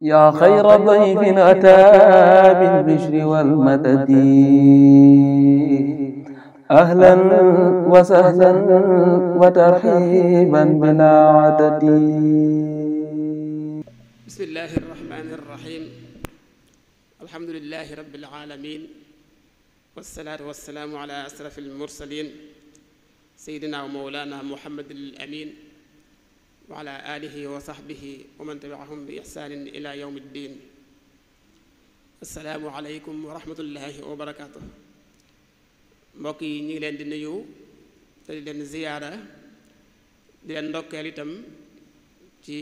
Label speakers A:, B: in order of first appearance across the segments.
A: yaa xayra dayfin ataa bil bishri wal madadi ahlan wa sahlan wa tarxiiban bilaa adadi. bismillaahi rahmaani rahiim alhamdulillaahi rabbil aalamiin wassalaatu wassalaamu alaa ashrafil mursaliin sayyidinaa wa mawlaanaa Muhammadil amiin wa ala alihi wa sahbihi wa man bi ihsanin ila yawmi ddin asalaamu aleykum wa rahmatullahi wa barakaatu mbokk yi ñu ngi leen di nuyu te di leen ziyaara di leen ndokkeel itam ci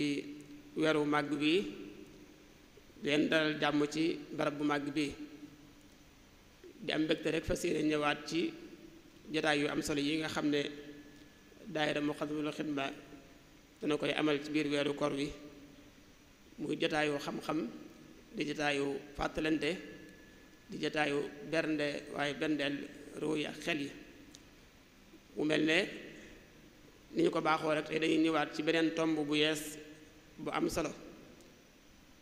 A: weeru màgg bi di leen dalal jàmm ci barab bu màgg bi di am mbégte rek fas ñëwaat ci jataay yu am solo yi nga xam ne daayira Muxaddamatul Xidma dana koy amal ci biir weeru kor wi muy jotaayu xam-xam di jotaayu fàttalante di jotaayu bernde waaye berndeel ruu yi ak xel yi mu mel ne ni ñu ko baaxoo rek tey dañuy ñëwaat ci beneen tomb bu yees bu am solo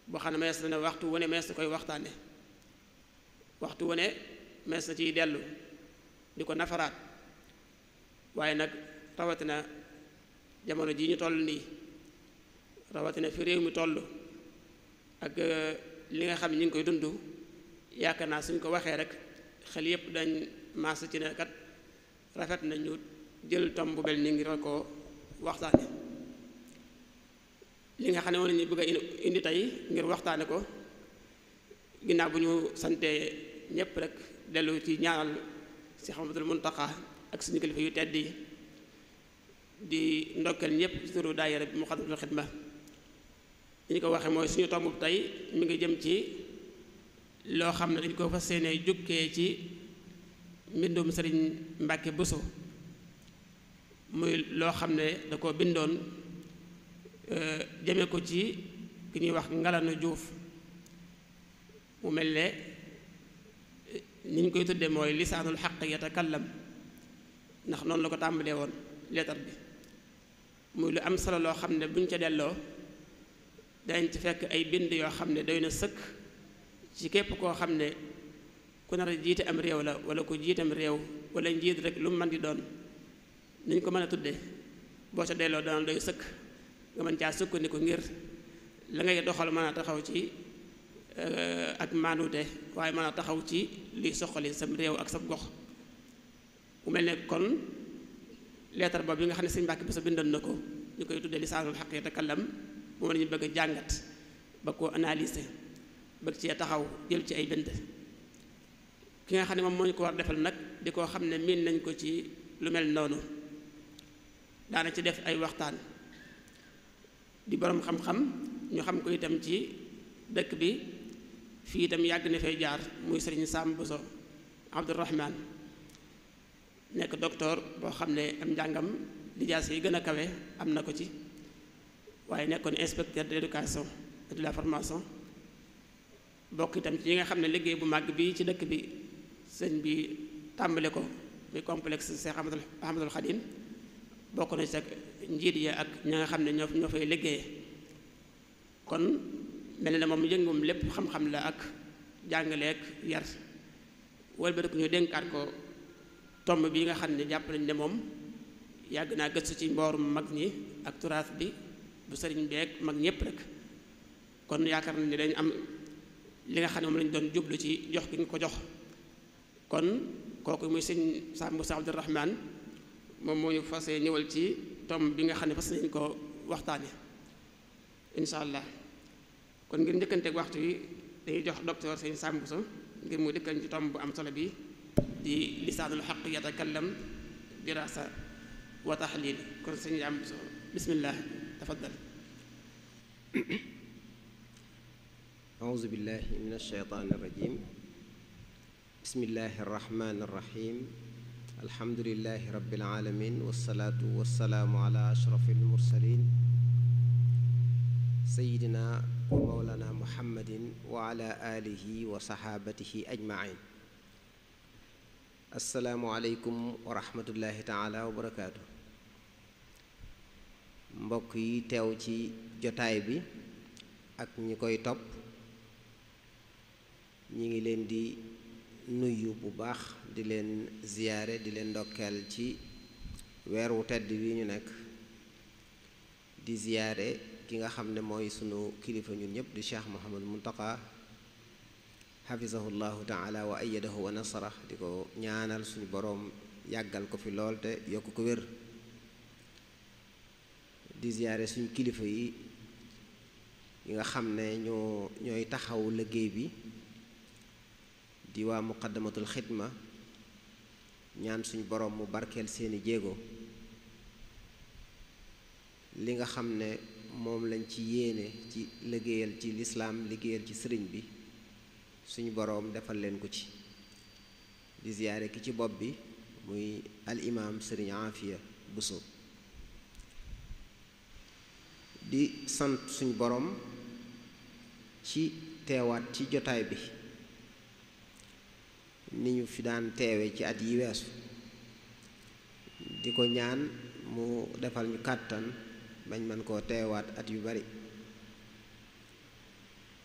A: boo xam ne mees na ne waxtu wane mees na koy waxtaane waxtu wane mees na ciy dellu di ko nafaraat waaye nag rawatina jamono ji ñu toll nii rawatina fi réew mi toll ak euh, li nga xam ne ñu ngi koy dund yaakaar naa suñ ko waxee rek xel yépp dañ maas ci ne kat rafet na ñu jël tom bu ni ngir ko waxtaane li nga xam ne moom nañu ñu bëgg indi tey ngir waxtaane ko ginnaaw bu ñu sante ñépp rek dellu ci ñaanal si xamatul muntaxa ak suñu kilifa yu tedd yi di ndokkeel ñëpp ci turu daayira bi Muxaddamatul Xidma li ñu ko waxee mooy suñu tomb tey mu ngi jëm ci loo xam ne dañ ko fas yéene jukkee ci mbindum sëriñ Mbàkke Buso muy loo xam ne da ko bindoon euh, jëme ko ci ki ñuy wax Ngalanu Juuf mu mel ne euh, ni ñu koy tudde mooy lisaanul xaq yatakallam ndax noonu la ko tàmbalee woon leetar bi muy lu am solo loo xam ne buñ ca delloo dañ ci fekk ay bind yoo xam ne doy na sëkk ci képp koo xam ne ku na a jiite am réew la wala ku jiitam réew wala njiit rek lu mu mën di doon niñ ko mën a tudde boo ca delloo dana doy sëkk nga mën caa sukkandiku ngir la ngay doxal mën a taxaw ci euh, ak maanute waaye mën a taxaw ci liy soxali sam réew ak sab gox mu mel ne kon leetar boobu yi nga xam ne sëñ Mbàkke Buso bindoon na ko ñu koy tuddee lisaanul xaq yatakallam moom la ñu bëgg a jàngat ba koo analyser bëgg cee taxaw jël ci ay bind ki nga xam ne moom moo ñu ko war defal nag di koo xam ne miin nañ ko ci lu mel noonu daana ci def ay waxtaan di boroom xam-xam ñu xam ko itam ci dëkk bi fii itam yàgg na fay jaar muy sëriñ Sam Buso Abdourahman nekk docteur boo xam ne am njàngam lijaas yi gën a kawe am na ko ci waaye nekkoon inspecteur de l'éducation et de la formation bokk itam ci ñi nga xam ne liggéey bu màgg bi ci dëkk bi sëñ bi tàmbale ko muy complexe Cheikh Ahmadul Ahmadul Khadim bokk na ci ak njiit ya ak ña xam ne ñoo ñoo fay liggéeye kon mel na moom yëngum lépp xam-xam la ak jàngale ak yar wëlbatiku ñu dénkaat ko tomb bi nga xam ne jàpp nañ ne moom yàgg naa gëstu ci mboorum mag ñi ak turaas bi bu sëriñ beeg mag ñëpp rek kon yaakaar nañ ne dañ am li nga xam ne moom lañ doon jublu ci jox gi ñu ko jox kon kooku muy sëñ Sàmb Sa Abdurahmaan moom moo ñu fase ñëwal ci tomb bi nga xam ne fas nañ ko waxtaane incha allah kon ngir njëkkanteeg waxtu wi dañuy jox docteur sëñ Sàmb Sa ngir mu dëkkan ci tomb bu am solo bi di lisaanul xaq yatakallam dirasa wa taxliil kon sëñ am bismillah tafaddal
B: أعوذ بالله من الشيطان الرجيم بسم الله الرحمن الرحيم الحمد لله رب العالمين والصلاة والسلام على أشرف المرسلين سيدنا ومولانا محمد وعلى آله وصحابته أجمعين asalaamualeykum wa rahmatullahi taala wa barakaatu mbokk yi teew ci jotaay bi ak ñi koy topp ñi ngi leen di nuyu bu baax di leen ziyaare di leen ndokkeel ci weer wu tedd wi ñu nekk di ziyaare ki nga xam ne mooy sunu kilifa ñun ñëpp di Cheikh Mouhamadou Mountakha xafisahu llahu taala wa ayadahu wa nasara di ko ñaanal suñ boroom yàggal ko fi lool te yokk ko wér di ziyaare suñu kilifa yi yi nga xam ne ñoo ñooy taxawu liggéey bi di waa muqaddamatul xidma ñaan suñu boroom mu barkeel seeni jéego li nga xam ne moom lañ ci yéene ci liggéeyal ci lislaam liggéeyal ci sëriñ bi suñu boroom defal leen ko ci di ziyaare ki ci bopp bi muy al imaam sëriñ Afia Bousso di sant suñu boroom ci teewaat ci jotaay bi ni ñu fi daan teewe ci at yi weesu di ko ñaan mu defal ñu kàttan bañ mën koo teewaat at yu bari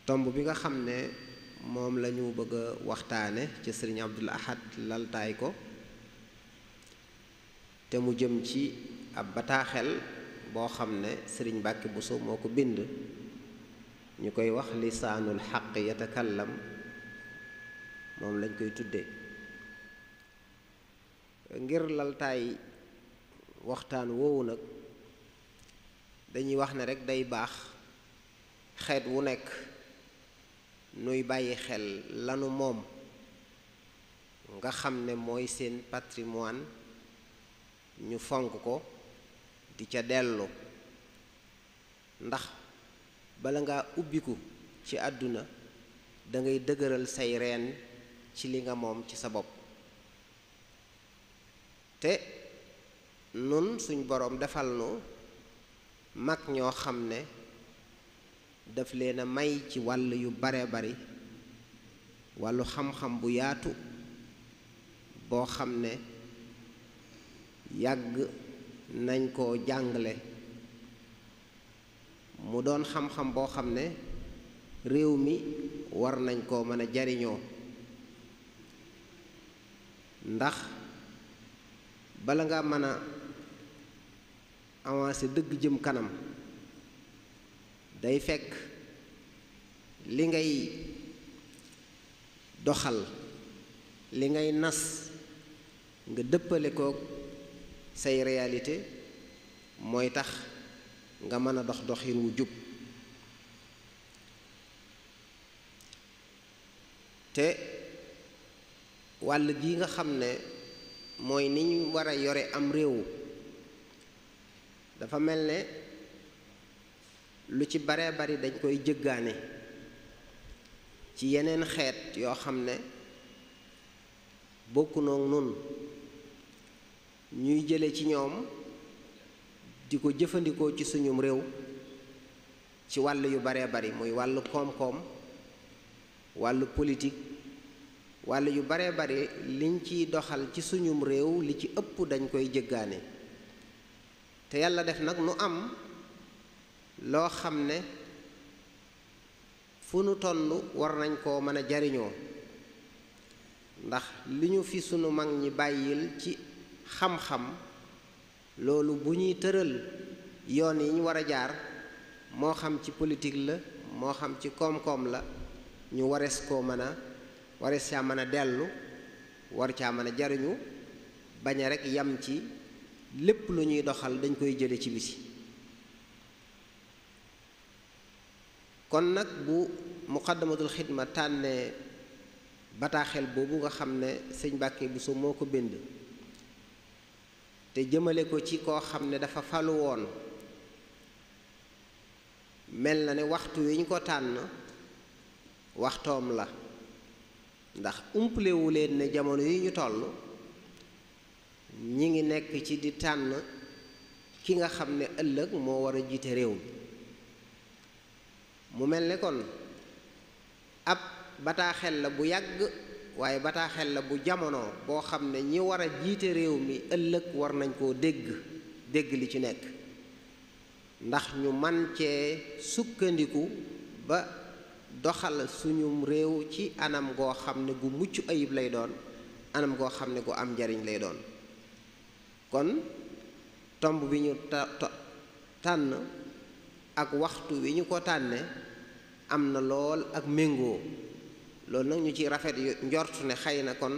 B: tomb bi nga xam ne moom lañu ñu bëgg a waxtaane ci sëriñ Abdul Ahad laltaay ko te mu jëm ci ab bataaxel boo xam ne sëriñ Mbàkke Buso moo ko bind ñu koy wax lisaanul xaq yatakallam moom lañ koy tuddee ngir laltaay waxtaan woowu nag dañuy wax ne rekk day baax xeet wu nekk nuy bàyyi xel lanu moom nga xam ne mooy seen patrimoine ñu fonk ko di ca dellu ndax bala nga ubbiku ci àdduna dangay dëgëral say reen ci li nga moom ci sa bopp te nun suñ boroom defal nu mag ñoo xam ne daf leen a may ci wàll yu bare bari wàllu xam-xam bu yaatu boo xam ne yàgg nañ koo jàngale mu doon xam-xam boo xam ne réew mi war nañ koo mën a jariñoo ndax bala nga mën a avancer dëgg jëm kanam day fekk li ngay doxal li ngay nas nga dëppale koog say réalité mooy tax nga mën a dox doxin wu jub te wàll gi nga xam ne mooy ni war a yore am réew dafa mel ne lu ci baree bari dañ koy jëggaane ci yeneen xeet yoo xam ne bokku noog nun ñuy jële ci ñoom di ko jëfandikoo ci suñum réew ci wàll yu baree bari muy wàllu koom-koom wàllu politique wàll yu baree bari liñ ciy doxal ci suñum réew li ci ëpp dañ koy jëggaane te yàlla def nag nu am loo xam ne fu nu toll war nañ koo mën a jariñoo ndax li ñu fi sunu mag ñi bàyyil ci xam-xam loolu bu ñuy tëral yoon yi ñu war a jaar moo xam ci politique la moo xam ci koom-koom la ñu warees koo mën a warees caa mën a dellu war caa mën a jariñu bañ a rekk yam ci lépp lu ñuy doxal dañ koy jële ci bisi kon nag bu muqaddamatul xidma tànnee bataaxel boobu nga xam ne sëñ Mbàkke Buso moo ko bind te jëmale ko ci koo xam ne dafa falu woon mel na ne waxtu wi ñu ko tànn waxtoom la ndax umplewu leen ne jamono yi ñu toll ñi ngi nekk ci di tànn ki nga xam ne ëllëg moo war a jiite réew mi mu mel ne kon ab bataaxel la bu yàgg waaye bataaxel la bu jamono boo xam ne ñi war a jiite réew mi ëllëg war nañ koo dégg dégg li ci nekk ndax ñu man cee sukkandiku ba doxal suñum réew ci anam goo xam ne gu mucc ayib lay doon anam goo xam ne gu am njariñ lay doon kon tomb bi ñu ta tànn ak waxtu wi ñu ko tànne am na lool ak méngoo loolu nag ñu ci rafet njort ne xëy na kon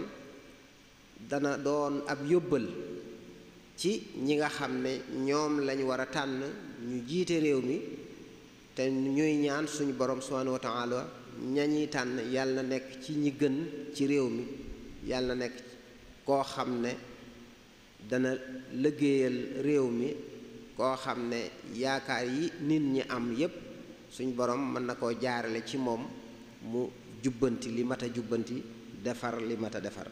B: dana doon ab yóbbal ci ñi nga xam ne ñoom lañu war a tànn ñu jiite réew mi te ñuy ñaan suñu borom subhanahu wa taala ñañuy tànn yàlla nekk ci ñi gën ci réew mi yàlla nekk koo xam ne dana liggéeyal réew mi koo xam ne yaakaar yi nit ñi am yépp suñ borom mën na koo jaarale ci moom mu jubbanti li mat a jubbanti defar li mat a defar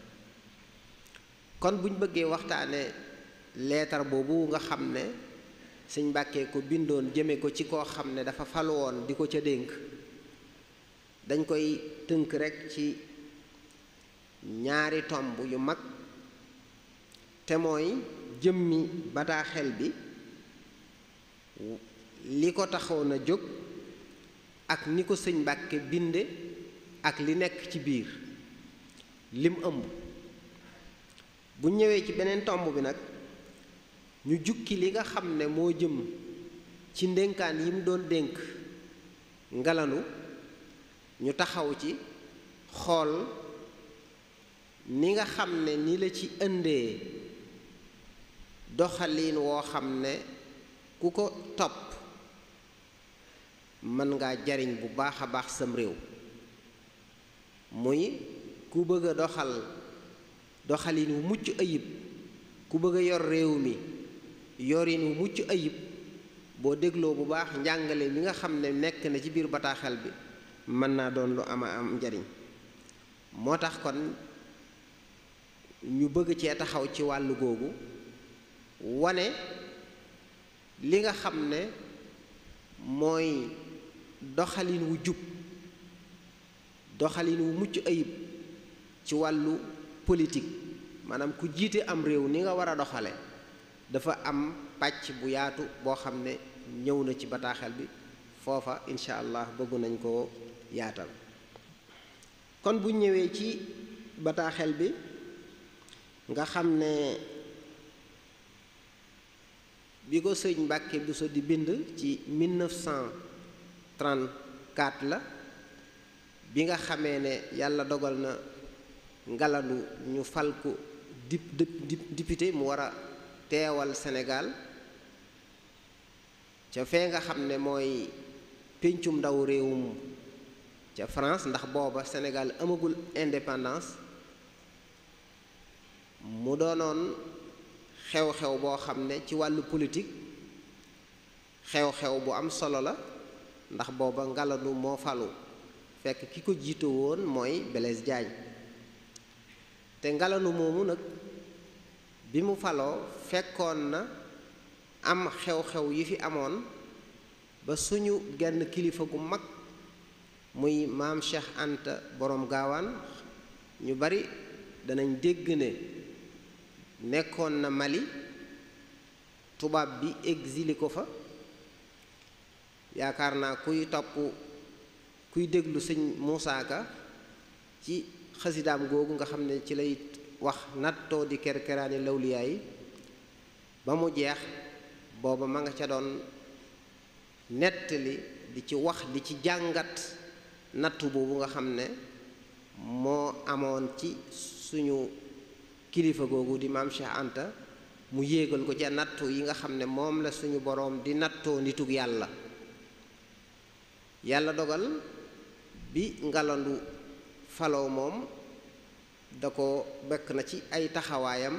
B: kon buñ bëggee waxtaane leetar boobu nga xam ne sëñ Mbàkke ko bindoon jëme ko ci koo xam ne dafa falu woon di ko ca dénk dañ koy tënk rekk ci ñaari tomb yu mag te mooy jëmmi bataaxel bi li ko taxoon a jóg ak ni ko sëñ Mbàkke binde ak li nekk ci biir lim ëmb bu ñëwee ci beneen tomb bi nag ñu jukki li nga xam ne moo jëm ci ndénkaan yi mu doon dénk ngalanu ñu taxaw ci xool ni nga xam ne ni la ci indee doxaliin woo xam ne ku ko topp mën ngaa jariñ bu baax a baax sam réew muy ku bëgg a doxalin wu mucc ayib ku bëgg a yor réew mi yorin wu mucc ayib boo dégloo bu baax njàngale mi nga xam ne nekk na ci biir bataaxal bi mën naa doon lu ama am njariñ moo tax kon ñu bëgg cee taxaw ci wàllu googu wane li nga xam ne mooy doxalin wu jub doxalin wu mucc ayib ci wàllu politique maanaam ku jiite am réew ni nga war a doxale dafa am pàcc bu yaatu boo xam ne ñëw na ci bataaxel bi foofa incha allah bëgg nañ koo yaatal kon bu ñëwee ci bataaxel bi nga xam ne bi ko sëñ Mbàkke Buso di bind ci 1900 34 la bi nga xamee ne yàlla dogal na ngalandu ñu fal ko dip dip député mu war a teewal Sénégal ca fee nga xam ne mooy péncum ndaw réewum ca France ndax booba Sénégal amagul indépendance mu doonoon xew-xew boo xam ne ci wàllu politik xew-xew bu am solo la ndax booba Ngalandu moo falu fekk ki ko jiite woon mooy Blaise Diagne te Ngalandu moomu nag bi mu faloo fekkoon na am xew-xew yi fi amoon ba suñu genn kilifa gu mag muy maam Cheikh Anta boroom gaawaan ñu bari danañ dégg ne nekkoon na Mali tubaab bi exilé ko fa yaakaar naa kuy topp kuy déglu sëñ Moussa Ka ci xasidaam googu nga xam ne ci lay wax nattoo di kerkeraani lawliyaa yi ba mu jeex booba ma nga ca doon nettali di ci wax di ci jàngat nattu boobu nga xam ne moo amoon ci suñu kilifa googu di maam Cheikh Anta mu yéegal ko ca nattu yi nga xam ne moom la suñu boroom di nattoo nitug yàlla yàlla dogal bi ngalandu faloo moom da ko bekk na ci ay taxawaayam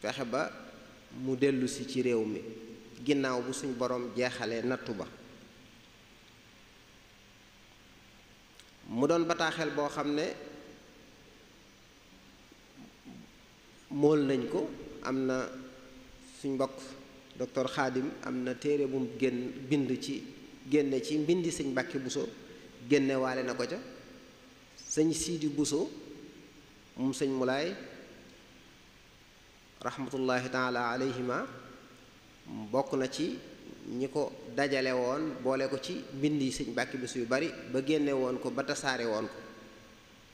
B: fexe ba mu dellusi ci réew mi ginnaaw bu suñ boroom jeexale nattu ba mu doon bataaxel boo xam ne mool nañ ko am na suñ mbokk docteur Xaadim am na téere bu mu génn bind ci génne ci mbind sëñ Mbàkke Buso génne waale na ko ca sëñ Siidi Buso moom sëñ Mulaay rahmatullahi taala alayhima bokk na ci ñi ko dajale woon boole ko ci mbind yi sëñ Mbàkke Buso yu bari ba génne woon ko ba tasaare woon ko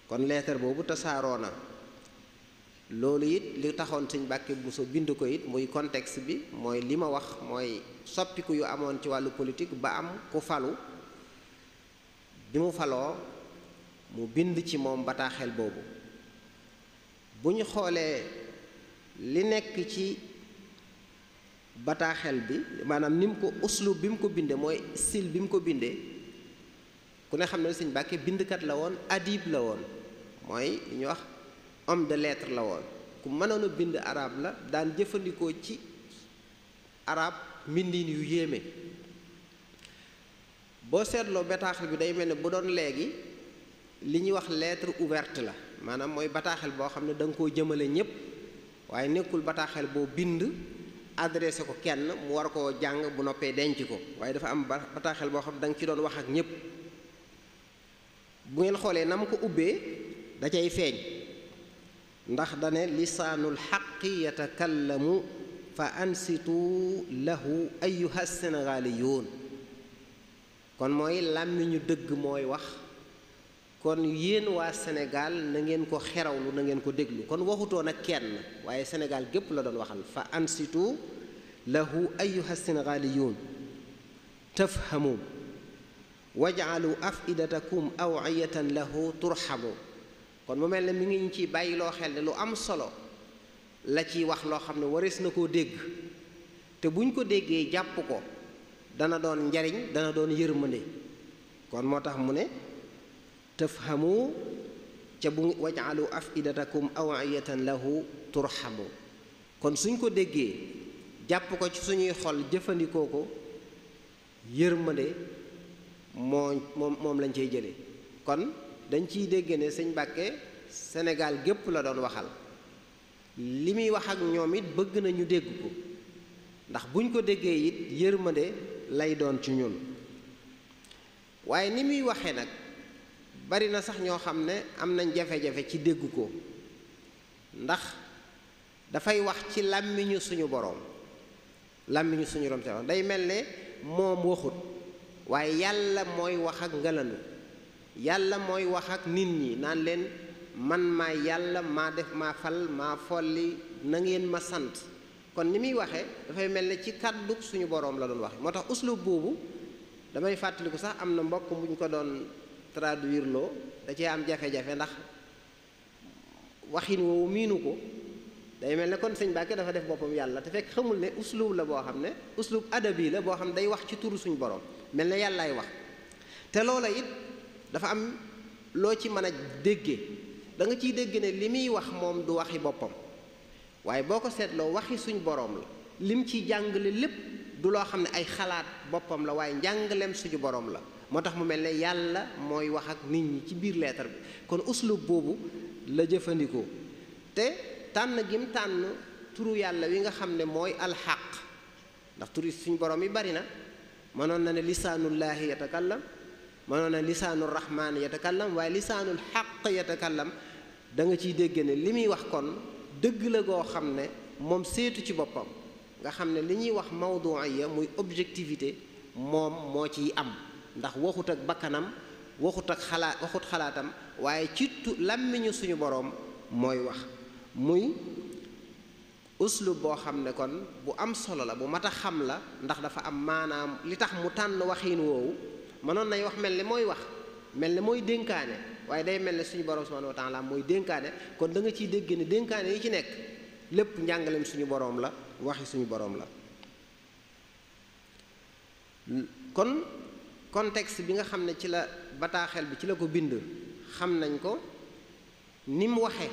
B: kon leetar boobu tasaaroo na loolu it li taxoon sëñ Mbàkke Buso bind ko it muy contexte bi mooy li ma wax mooy soppiku yu amoon ci wàllu politique ba am ku falu bi mu faloo mu bind ci moom bataaxel boobu bu ñu xoolee li nekk ci bataaxel bi maanaam ni mu ko uslub bi mu ko bindee mooy style bi mu ko bindee ku ne xam ne sëñ Mbàkke bindkat la woon adib la woon mooy ñu wax homme de lettres la woon ku mënoon a bind araab la daan jëfandikoo ci arab mbindiin yu yéeme boo seetloo bataaxal bi day mel ne bu doon léegi li ñuy wax lettre ouverte la maanaam mooy bataaxal boo xam ne da nga koo jëmale ñépp waaye nekkul bataaxal boo bind adressé ko kenn mu war ko jàng bu noppee denc ko waaye dafa am bataaxal boo xam ne da nga ci doon wax ak ñépp bu ngeen xoolee na mu ko ubbee da cay feeñ ndax dane lisaanul xaqi yatakallamu fa ansitu lahu ayuha sénégaliyuun kon mooy ñu dëgg mooy wax kon yéen waa Sénégal na ngeen ko xerawlu na ngeen ko déglu kon waxutoon ak kenn waaye Sénégal gépp la doon waxal fa ansitu lahu ayuha sénégaliyuun tafhamu wajcalu afidatakum awciyatan lahu turxamu kon mu mel ne mi ngi ñu ci bàyyi loo xel ne lu am solo la ciy wax loo xam ne warees na koo dégg te buñ ko déggee jàpp ko dana doon njariñ dana doon yërmande kon moo tax mu ne tafhamu ca bu waj'alu afidatakum awiyatan lahu turhamu kon suñ ko déggee jàpp ko ci suñuy xol jëfandikoo ko yërmande moo moom lañ cay jële kon dañ ciy dégg ne sëñ Mbàkke Sénégal gépp la doon waxal li muy wax ak ñoom it bëgg nañu ñu dégg ko ndax buñ ko déggee it de lay doon ci ñun waaye ni muy waxee nag bari na sax ñoo xam ne am nañ jafe-jafe ci dégg ko ndax dafay wax ci làmmiñu suñu boroom làmmiñu suñu boroom te day mel ne moom waxut waaye yàlla mooy wax ak ngelanu yàlla mooy wax ak nit ñi naan leen man maa yàlla maa def maa fal maa folli na ngeen ma sant kon ni muy waxee dafay mel ne ci kàddu suñu boroom la doon wax moo tax uslub boobu damay fàttaliku sax am na mbokk mu ñu ko doon traduire loo da cee am jafe-jafe ndax waxin woowu miinu ko day mel ne kon sëñ Mbàkke dafa def boppam yàlla te fekk xamul ne uslub la boo xam ne uslub adabi la boo xam ne day wax ci turu suñu boroom mel ne yàllaay wax te loola it dafa am loo ci mën a dégge danga ciy dégg ne li muy wax moom du waxi boppam waaye boo ko seetloo waxi suñu boroom la lim ciy jàngale lépp du loo xam ne ay xalaat boppam la waaye njàngaleem suñu boroom la moo tax mu mel ne yàlla mooy wax ak nit ñi ci biir leetar bi kon uslu boobu la jëfandikoo te tànn gim tànn turu yàlla wi nga xam ne mooy alxaq ndax turu suñu boroom yi bari na mënoon na ne lisaanullaahi yatakallam mënoon na lisaanul rahmaan yatakallam waaye lisaanul xaq yatakallam da nga ciy dégg ne li muy wax kon dëgg la goo xam ne moom seetu ci boppam nga xam ne li ñuy wax mawduiya muy objectivité moom moo ciy am ndax waxut ak bakkanam waxut ak xalaatam waaye ci tu làmmiñu suñu boroom mooy wax muy uslub boo xam ne kon bu am solo la bu mat a xam la ndax dafa am maanaam li tax mu tànn waxiin woowu mënoon nay wax mel ni mooy wax mel ne mooy dénkaane waaye day mel ni suñu borom subhanahu wa taala mooy dénkaane kon danga ciy dégg ne dénkaane yi ci nekk lépp njàngaleem suñu borom la waxi suñu boroom la kon contexte bi nga xam ne ci la bataaxel bi ci la ko bind xam nañ ko ni mu waxe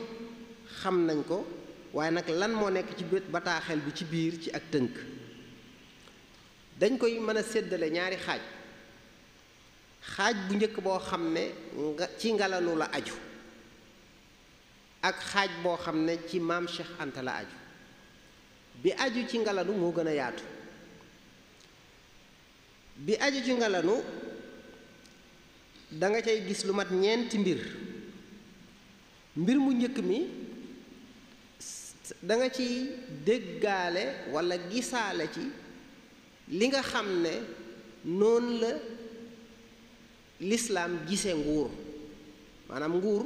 B: xam nañ ko waaye nag lan moo nekk ci bataaxel bi ci biir ci ak tënk dañ koy mën a séddale ñaari xaaj xaaj bu njëkk boo xam ne ci ngalanu la aju ak xaaj boo xam ne ci maam Cheikh la aju bi aju ci ngalanu moo gën a yaatu bi aju ci ngalanu da nga gis lu mat ñeenti mbir mbir mu njëkk mi danga nga ciy déggaale walla gisaale ci li nga xam ne noonu la lislaam gise nguur maanaam nguur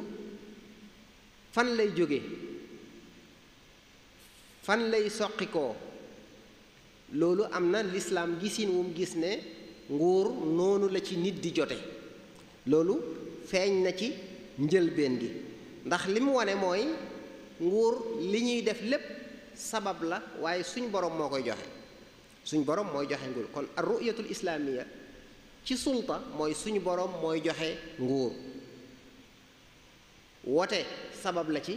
B: fan lay jóge fan lay soqikoo loolu am na lislaam gisin wum gis ne nguur noonu la ci nit di jote loolu feeñ na ci njëlbeen gi ndax li mu wane mooy nguur li ñuy def lépp sabab la waaye suñ borom moo koy joxe suñ borom mooy joxe nguur kon ar ruyatul islaamiya ci sulta mooy suñu boroom mooy joxe nguur wote sabab la ci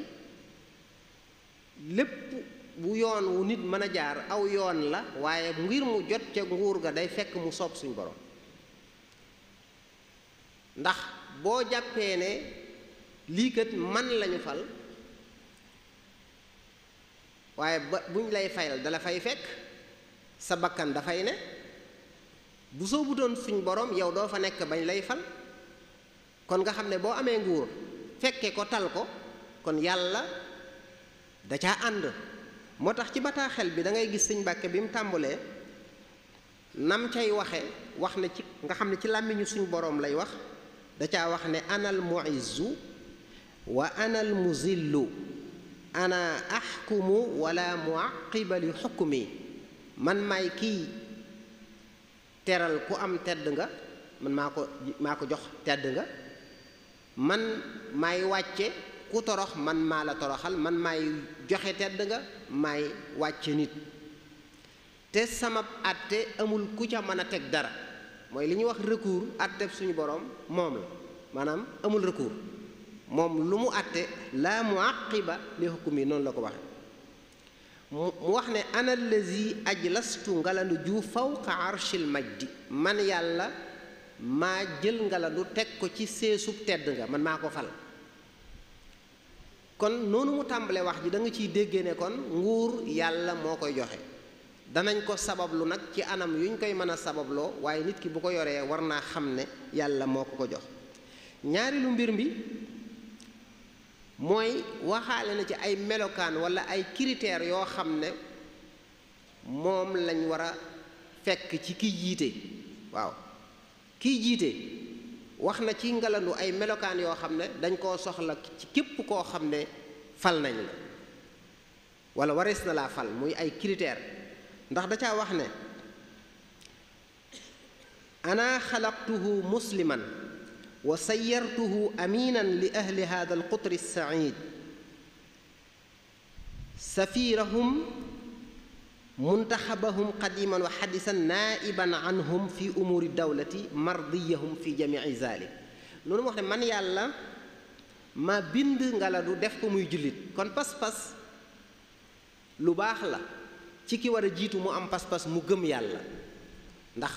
B: lépp bu yoon wu nit mën a jaar aw yoon la waaye ngir mu jot ca nguur ga day fekk mu soob suñu boroom ndax boo jàppee ne liikat man lañu fal waaye ba buñ lay fayal dala fay fekk sa bakkan dafay ne bu soobu doon suñ boroom yow doo fa nekk bañ lay fal kon nga xam ne boo amee nguur fekke ko tal ko kon yàlla da caa ànd moo tax ci bataaxel bi dangay gis suñ Mbàkke bi mu tàmbalee nam cay waxe wax ne ci nga xam ne ci làmmiñu suñ boroom lay wax da caa wax ne anal muizzu wa anal muzillu ana axkumu wala muaqiba li xukmi man maay kii teral ku am tedd nga man maa ko maa ko jox tedd nga man maay wàcce ku torox man maa la toroxal man maay joxe tedd nga maay wàcce nit te sama àtte amul ku ca mën a teg dara mooy li ñuy wax recours àtte suñu borom moom la maanaam amul recours moom lu mu àtte laa muaqiba li hukmi noonu la ko waxe mu wax ne ana allazi ajlastu ngalandu ju fawqa arshil majdi man yàlla ma jël ngalandu teg ko ci seesub tedd nga man maa ko fal kon noonu mu tàmbale wax ji danga ciy déggee ne kon nguur yàlla moo koy joxe danañ ko sabablu nag ci anam yuñ koy mën a sababloo waaye nit ki bu ko yoree war naa xam ne yàlla moo ko ko jox ñaareelu mbir mi mooy waxaale na ci ay melokaan wala ay critères yoo xam ne moom lañ war a fekk ci kiy jiite waaw kiy jiite wax na ci ngalandu ay melokaan yoo xam ne dañ koo soxla ci képp koo xam ne fal nañ la wala warees na laa fal muy ay critères ndax dacaa wax ne ana xalaqtuhu musliman wa sayyartuhu aminan li ahli hada alqutri alsaid safiirahum muntaxabahum qadiman wa xadisan naaiban anhum fi umuuri dawlati mardiyahum fi jamici zalik loolu mu wax ne man yàlla ma bind du def ko muy jullit kon pas-pas lu baax la ci ki war a jiitu mu am pas-pas mu gëm yàlla ndax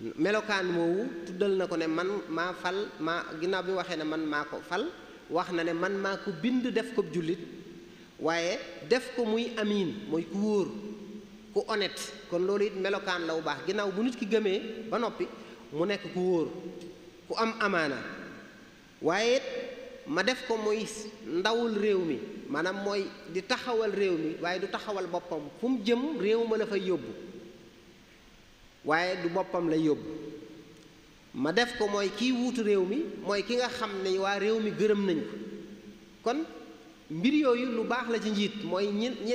B: melokaan woowu tuddal na ko ne man maa fal maa ginnaaw bi waxee ne man maa ko fal wax na ne man maa ko bind def ko jullit waaye def ko muy amiin mooy ku wóor ku honnête kon loolu it melokaan la wu baax ginnaaw bu nit ki gëmee ba noppi mu nekk ku wóor ku am amaana waaye ma def ko muy ndawul réew mi maanaam mooy di taxawal réew mi waaye du taxawal boppam fu jëm réew ma la fay yóbbu waaye du boppam la yóbbu ma def ko mooy kii wuutu réew mi mooy ki nga xam ne waa réew mi gërëm nañ kon mbir yooyu lu baax la ci njiit mooy ñi ñi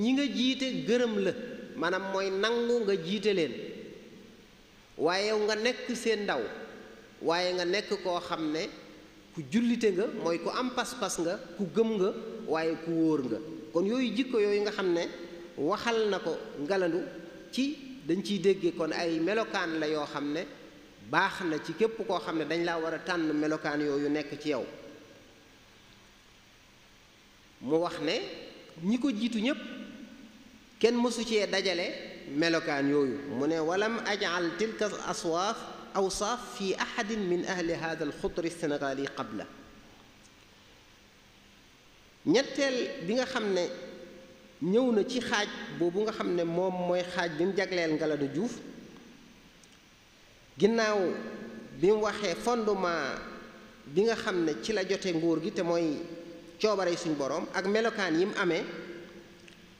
B: ñi nga jiite gërëm la maanaam mooy nangu nga jiite leen waaye yow nga nekk seen ndaw waaye nga nekk koo xam ne ku jullite nga mooy ku am pas-pas nga ku gëm nga waaye ku wóor nga kon yooyu jikko yooyu nga xam ne waxal na ko ngalandu ci dañ ciy dégge kon ay melokaan la yoo xam ne baax na ci képp koo xam ne dañ laa war a tànn melokaan yooyu nekk ci yow mu wax ne ñi ko jiitu ñépp kenn mësu ci dajale melokaan yooyu mu ne walam ajal tilka aswaaf awsaaf fi ahadin min ahli hada alxutri sénégali qabla ñetteel bi nga xam ne ñëw na ci xaaj boobu nga xam ne moom mooy xaaj bi mu jagleel Ngalandou juuf ginnaaw bi mu waxee fondement bi nga xam ne ci la jote nguur gi te mooy yi suñ boroom ak melokaan yi mu amee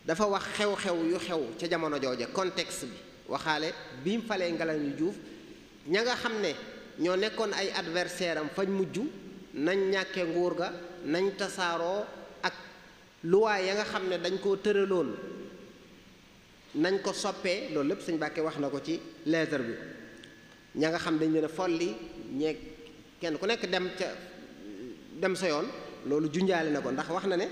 B: dafa wax xew-xew yu xew ca jamono jooja contexte bi waxaale bi mu falee Ngalandou juuf ña nga xam ne ñoo nekkoon ay adversaire fañ mujj nañ ñàkke nguur ga nañ tasaaroo luwaay ya nga xam ne dañ koo tëraloon nañ ko soppee loolu lépp sëñ Mbàkke wax na ko ci lettre bi ña nga xam dañ leen a folli ñeeg kenn ku nekk dem ca dem sa yoon loolu junjaale na ko ndax wax na ne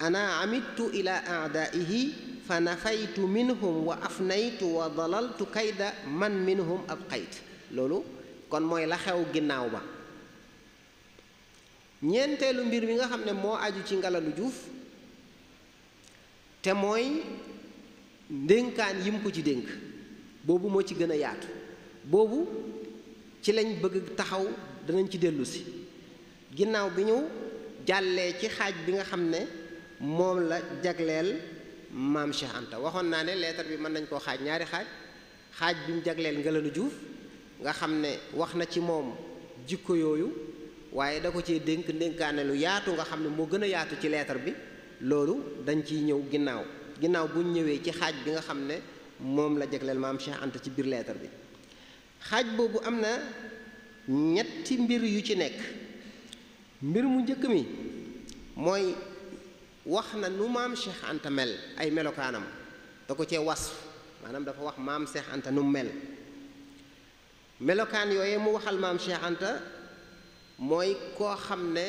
B: ana amittu ila aadaihi fa nafaytu minhum wa afnaytu wa dalaltu kayda man minhum ab xayt loolu kon mooy la xew ginnaaw ba ñeenteelu mbir mi nga xam ne moo aju ci Ngalalu Juuf te mooy ndénkaan yi mu ko ci dénk boobu moo ci gën a yaatu boobu ci lañ bëgg taxaw danañ ci dellusi ginnaaw bi ñu jàllee ci xaaj bi nga xam ne moom la jagleel maam Cheikh Anta waxoon naa ne leetar bi mën nañ koo xaaj ñaari xaaj xaaj bi mu jagleel Ngalanu Juuf nga xam ne wax na ci moom jikko yooyu waaye da ko cee dénk ndénkaane lu yaatu nga xam ne moo gën a yaatu ci leetar bi loolu dañ ciy ñëw ginnaaw ginnaaw bu ñëwee ci xaaj bi nga xam ne moom la jagleel maam Cheikh ci biir leetar bi xaaj boobu am na ñetti mbir yu ci nekk mbir mu njëkk mi mooy wax na nu maam Cheikh Anta mel ay melokaanam da ko cee was maanaam dafa wax maam Cheikh Anta nu mel melokaan yooye mu waxal Anta mooy koo xam ne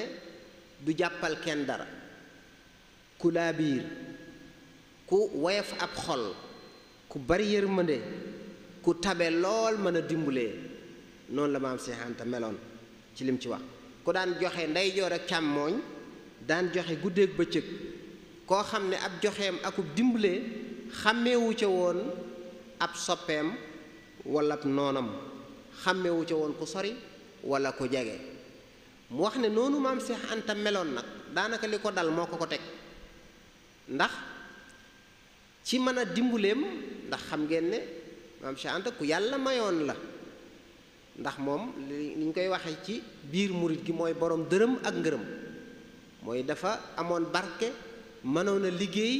B: du jàppal kenn dara ku laabiir ku woyof ab xol ku bari yërmande ku tabe lool mën a dimbulee noonu la maam Seex Anta meloon ci lim ci wax ku daan joxe ndeyjoor ak càmmooñ daan joxe guddeeg bëccëg koo xam ne ab joxeem akub dimbulee xàmmewu ca woon ab soppeem wala ab noonam xàmmewu ca woon ku sori wala ku jege mu wax ne noonu maam Seex Anta meloon nag daanaka li ko dal moo ko ko teg ndax ci mën a dimbuleem ndax xam ngeen ne maam Cheikh Anta ku yàlla mayoon la ndax moom li ñu koy waxee ci biir murit gi mooy borom dërëm ak ngërëm mooy dafa amoon barke mënoon a liggéey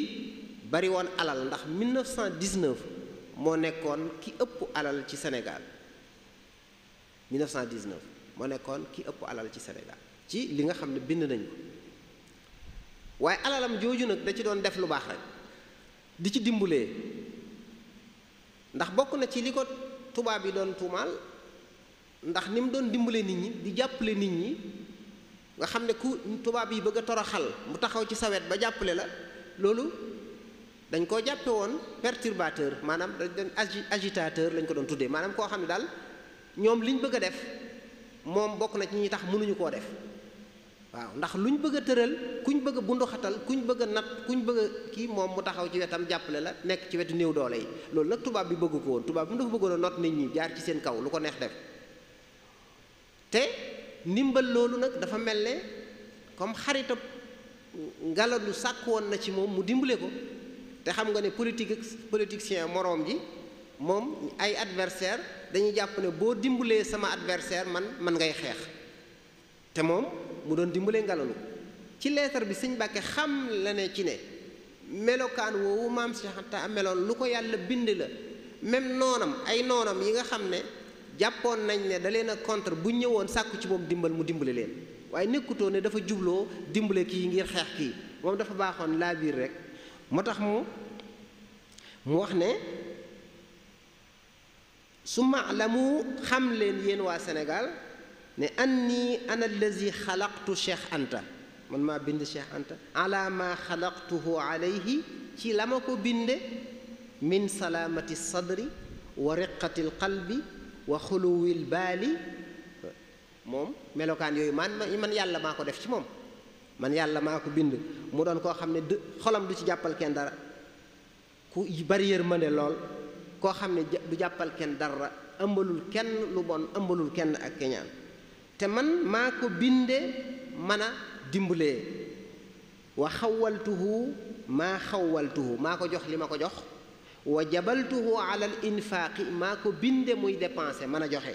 B: bari woon alal ndax 1919 moo nekkoon ki ëpp alal ci Sénégal 1919 moo nekkoon ki ëpp alal ci senegal ci li nga xam ne bind nañu waaye alalam jooju nag da ci doon def lu baax rek di ci dimbulee ndax bokk na ci li ko tubaab yi doon tuumaal ndax ni mu doon dimbale nit ñi di jàppale nit ñi nga xam ne ku tubaab yi bëgg a toroxal mu taxaw ci sawet ba jàppale la loolu dañ koo jàppe woon perturbateur maanaam dañ doon agitateur lañ ko doon tuddee maanaam koo xam ne daal ñoom liñ bëgg a def moom bokk na ci ñi tax munuñu koo def waaw ndax luñ bëgg a tëral kuñ bëgg a bunduxatal kuñ bëgg a nat kuñ bëgg a kii moom mu taxaw ci wetam jàppale la nekk ci wetu néew doole yi loolu nag tubaab bi bëgg ko woon tubaab bi mu dafa bëggoon a nit ñi jaar ci seen kaw lu ko neex def te ndimbal loolu nag dafa mel ne comme xaritab ngalalu sàkk woon na ci moom mu dimbale ko te xam nga ne politique politicien moroom ji moom ay adversaire dañuy jàpp ne boo dimbalee sama adversaire man man ngay xeex te moom mu doon dimbale ngalalu ci leetar bi sëñ Mbàkke xam la ne ci ne melokaan woowu maam Cheikh Anta meloon lu ko yàlla bind la même noonam ay noonam yi nga xam ne jàppoon nañ ne da leen a contre bu ñëwoon sàkku ci moom dimbal mu dimbale leen waaye nekkutoo ne dafa jubloo dimbale kii ngir xeex kii moom dafa baaxoon laa biir rek moo tax mu mu wax ne su ma la mu xam leen yéen waa senegal ne anni ana allazi xalaqtu cheikh anta man maa bind cheikh anta ala xalaqtuhu alayhi ci la ma ko binde min salaamati sadri wa riqati alqalbi wa xuluwi albaali moom melokaan yooyu man man yàlla maa ko def ci moom man yàlla maa ko bind mu doon koo xam ne du du ci jàppal kenn dara ku bari yërmande lool koo xam ne du jàppal kenn dara ëmbalul kenn lu bon ëmbalul kenn ak keñaan te man maa ko binde man a dimbalee wa xawaltuhu maa xawaltuhu maa ko jox li ma ko jox wa jabaltuhu ala al infaaqi maa ko binde muy dépenser man a joxe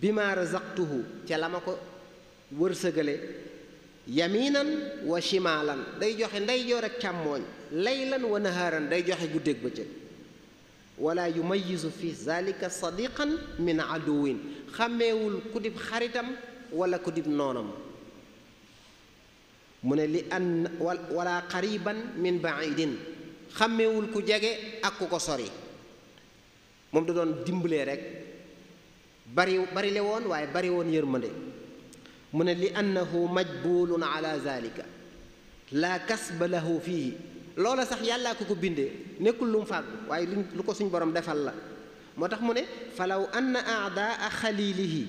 B: bi ma razaqtuhu ca la ma ko wërsëgale yaminan wa shimaalan day joxe ndeyjoor ak càmmooñ laylan wa nahaaran day joxe guddeeg bëccëg wala yumayisu fi zalika sadiqan min aduwin xàmmeewul ku dib xaritam wala ku dib noonam mu ne li an wala qariban min baidin xàmmeewul ku jege ak ku ko sori moom da doon dimbalee rek bari bari le woon waaye bari woon yërmande mu ne li annahu majbulun ala zalika laa kasba lahu fihi loola sax yàllaa ko ko bindee nekkul lu mu fàggu waaye lu ko suñu borom defal la moo tax mu ne falaw anna aadaa xalilihi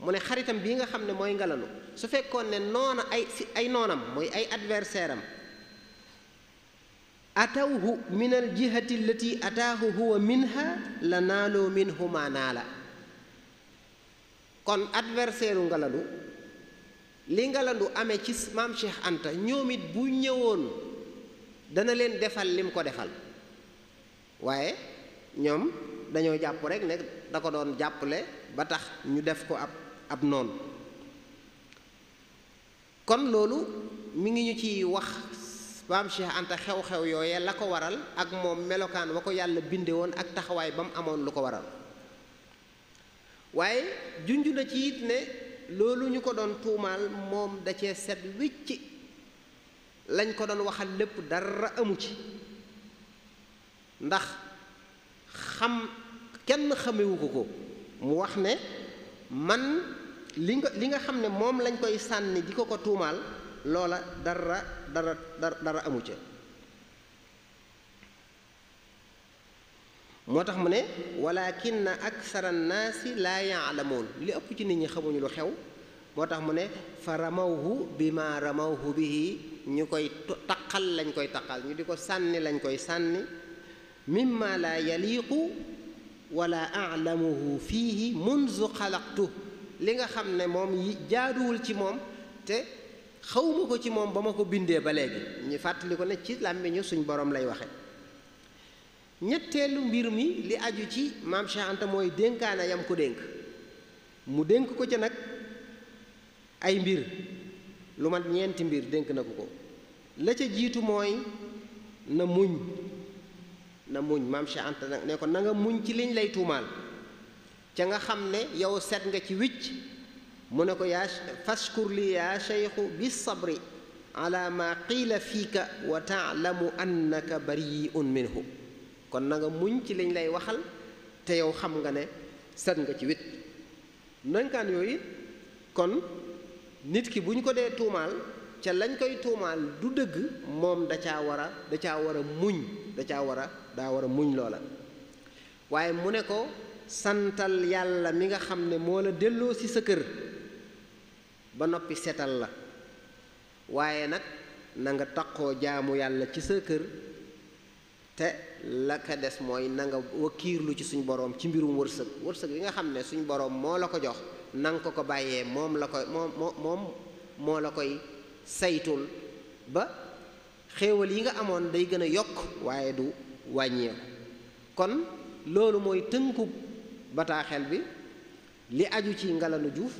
B: mu ne xaritam bii nga xam ne mooy ngelalu su fekkoon ne noona ay ay noonam mooy ay adversaire am atawhu min al jihati allati ataahu huwa minha la naaloo minhu ma naala kon adversaire u ngelalu li ngelalu amee ci maam Cheikh Anta ñoom bu ñëwoon dana leen defal lim ko defal waaye ñoom dañoo jàpp rek ne da ko doon jàppale ba tax ñu def ko ab ab noonu kon loolu mu ngi ñu ciy wax maam Cheikh Anta xew-xew yooye la ko waral ak moom melokaan wa ko yàlla binde woon ak taxawaay ba mu amoon lu ko waral waaye junj na ci it ne loolu ñu ko doon tuumaal moom da cee set wicc lañ ko doon waxal lépp dara amu ci ndax xam kenn xamewu ko ko mu wax ne man li nga li nga xam ne moom lañ koy sànni gi ko ko tuumaal loola dara dara dara amu ca moo tax mu ne walakin aksara annaasi laa yaalamuun li ëpp ci nit ñi xamuñu lu xew moo tax mu ne fa ramawhu bi ma ramawhu bihi ñu koy taqal lañ koy taqal ñu di ko sànni lañ koy sànni mimma la yaliqu wala alamuhu fii munzu xalaqtu li nga xam ne moom yi jaaduwul ci moom te xawma ko ci moom ba ma ko bindee ba léegi ñu fàttali ko ne ci làmmiñu suñ borom lay waxe ñetteelu mbir mi li aju ci maam Cheikh Anta mooy dénkaana yam ko dénk mu dénk ko ca nag ay mbir lu ma ñeenti mbir dénk na ko ko la ca jiitu mooy na muñ na muñ maam Cheikh Anta ne ko na muñ ci liñ lay tuumaal ca nga xam ne yow set nga ci wicc mu ne ko yaa fashkur li yaa cheikhu bi sabri ala ma qiila fiika wa taalamu annaka yi minhu kon na muñ ci liñ lay waxal te yow xam nga ne set nga ci wit nankaan yooyu kon nit ki bu ñu ko dee tuumaal ca lañ koy tuumaal du dëgg moom da caa war a da caa war a muñ da caa war a daa war a muñ loola waaye mu ne ko santal yàlla mi nga xam ne moo la delloo ci sa kër ba noppi setal la waaye nag na nga taqoo jaamu yàlla ci sa kër te la ka des mooy na nga wakiirlu ci suñu boroom ci mbirum wërsëg wërsëg yi nga xam ne suñu boroom moo la ko jox na ko ko bàyyee moom la koy moom moom moo la koy saytul ba xéewal yi nga amoon day gën a yokk waaye du wàññeeku kon loolu mooy tënku bataaxel bi li aju ci Ngalanu Juuf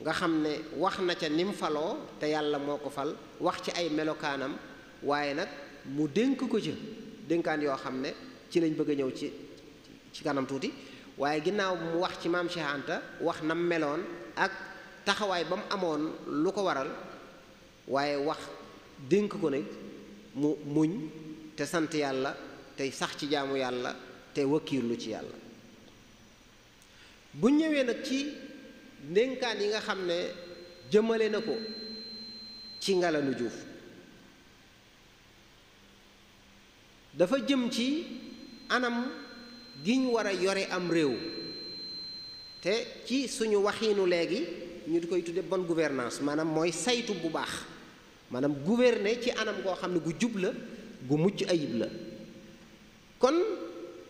B: nga xam ne wax na ca nim faloo te yàlla moo ko fal wax ci ay melokaanam waaye nag mu dénk ko ca dénkaan yoo xam ne ci lañ bëgg a ñëw ci ci kanam tuuti waaye ginnaaw bu mu wax ci maam Cheikh Anta wax nam meloon ak taxawaay ba mu amoon lu ko waral waaye wax dénk ko ne mu muñ te sant yàlla tey sax ci jaamu yàlla te wakkiirlu ci yàlla bu ñëwee nag ci ndénkaan yi nga xam ne jëmale na ko ci Ngalandou Diouf dafa jëm ci anam giñ war a yore am réew te ci suñu waxiinu léegi ñu di koy tudde bonne gouvernance maanaam mooy saytu bu baax maanaam gouverner ci anam goo xam ne gu jub la gu mucc ayib la kon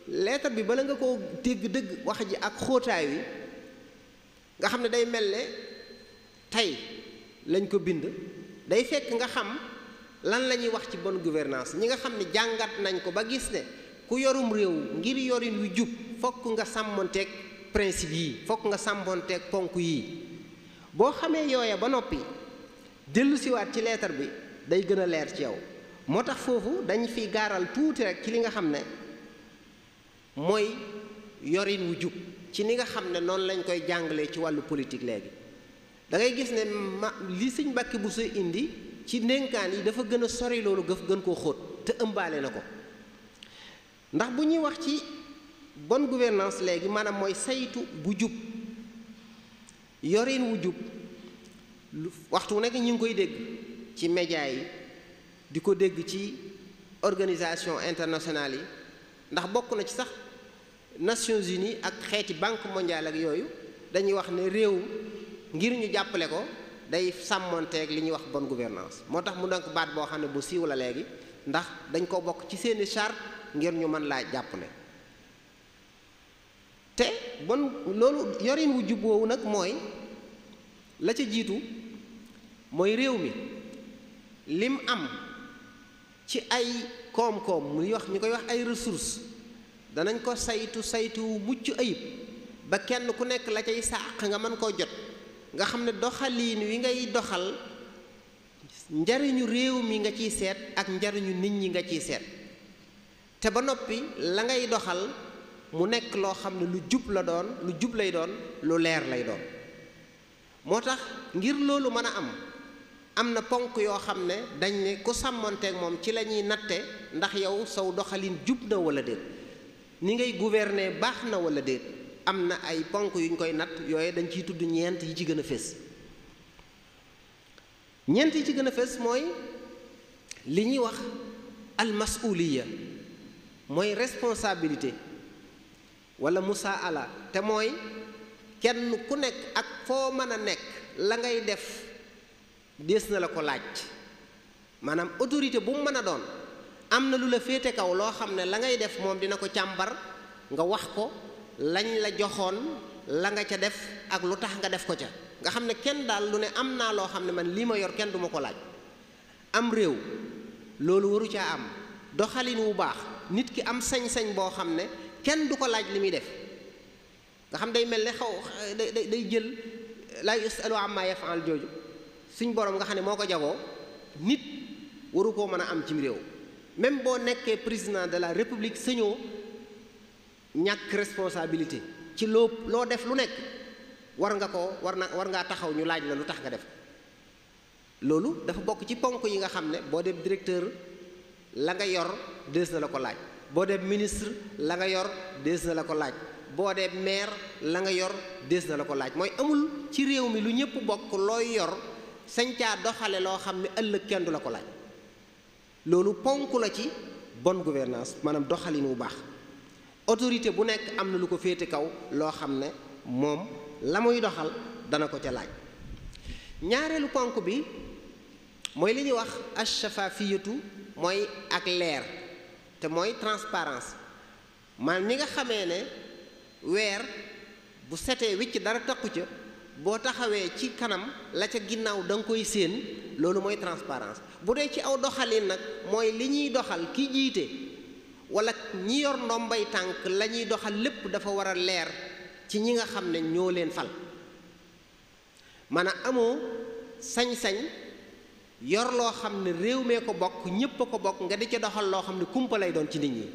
B: leetar bi bala nga koo dégg dëgg wax ji ak xóotaay wi nga xam ne day mel ne tey lañ ko bind day fekk nga xam lan lañuy wax ci bonne gouvernance ñi nga xam ne jàngat nañ ko ba gis ne ku yorum réew ngir yorin wi jub fokk nga sàmmonteeg principe yii fokk nga sàmmonteeg ponk yi boo xamee yooya ba noppi dellu siwaat ci leetar bi day gën a leer ci yow moo tax foofu dañ fi gaaral tuuti rek ci li nga xam ne mooy yorin wu jub ci ni nga xam ne noonu lañ koy jàngalee ci wàllu politique léegi da ngay gis ne ma li sëñ Mbàkke bu soo indi ci ndénkaan yi dafa gën a sori loolu gëf gën koo xóot te ëmbaale na ko ndax bu ñuy wax ci bon gouvernance léegi maanaam mooy saytu bu jub yorin wu jub waxtu wu nekk ñu ngi koy dégg ci média yi di ko dégg ci organisation internationale yi ndax bokk na ci sax Nations uni ak xeeti banque mondiale ak yooyu dañuy wax ne réew ngir ñu jàppale ko day sàmmonteeg li ñuy wax bon gouvernance moo tax mu donc baat boo xam ne bu siiw la léegi ndax dañ ko bokk ci seeni charte ngir ñu mën laa jàppale te bon loolu yorin wu jub woowu nag mooy la ca jiitu mooy réew mi lim am ci ay koom-koom muy wax ñu koy wax ay ressources danañ ko saytu saytu wu mucc ayib ba kenn ku nekk la cay sàq nga mën koo jot nga xam ne doxaliin wi ngay doxal njariñu réew mi nga ciy seet ak njariñu nit ñi nga ciy seet te ba noppi la ngay doxal mu nekk loo xam ne lu jub la doon lu jub lay doon lu leer lay doon moo tax ngir loolu mën a am am na ponk yoo xam ne dañ ne ku sàmmonteeg moom ci la ñuy natte ndax yow saw doxalin jub na wala déet ni ngay gouverner baax na wala déet am na ay ponk yuñ koy natt yooyu dañ ciy tudd ñeent yi ci gën a fés ñeent yi ci gën a fés mooy li ñuy wax almasuliya mooy responsabilité wala musa ala te mooy kenn ku nekk ak foo mën a nekk la ngay def des na la ko laaj maanaam autorité bu mu mën a doon am na lu la féete kaw loo xam ne la ngay def moom dina ko càmbar nga wax ko lañ la joxoon la nga ca def ak lu tax nga def ko ca nga xam ne kenn daal lu ne am naa loo xam ne man lii ma yor kenn duma ko laaj am réew loolu waru caa am doxalin wu baax nit ki am sañ-sañ boo xam ne kenn du ko laaj li muy def nga xam day mel ni xaw day day jël laa yusalu amma yafaal jooju suñ borom nga xam ne moo ko jagoo nit waru koo mën a am cim réew même boo nekkee président de la république sañoo ñàkk responsabilité ci loo loo def lu nekk war nga ko war na war ngaa taxaw ñu laaj la lu tax nga def loolu dafa bokk ci ponk yi nga xam ne boo dem directeur la nga yor dees na la ko laaj boo dee ministre la nga yor dees na la ko laaj boo dee maire la nga yor dees na la ko laaj mooy amul ci réew mi lu ñëpp bokk looy yor sañ caa doxale loo xam ne ëllëg kenn du la ko laaj loolu ponk la ci bon gouvernance maanaam doxalin wu baax autorité bu nekk am na lu ko féete kaw loo xam ne moom la muy doxal dana ko ca laaj ñaareelu ponk bi mooy li ñuy wax ashafafiyatu mooy ak leer te mooy transparence maanaam ni nga xamee ne weer bu setee wicc dara takku ca boo taxawee ci kanam la ca ginnaaw da koy séen loolu mooy transparence bu dee ci aw doxalin nag mooy li ñuy doxal ki jiite wala ñi yor ndombay tànk lañuy doxal lépp dafa war a leer ci ñi nga xam ne ñoo leen fal a amoo sañ-sañ yor loo xam ne réew mee ko bokk ñépp a ko bokk nga di ca doxal loo xam ne kumpa lay doon ci nit ñi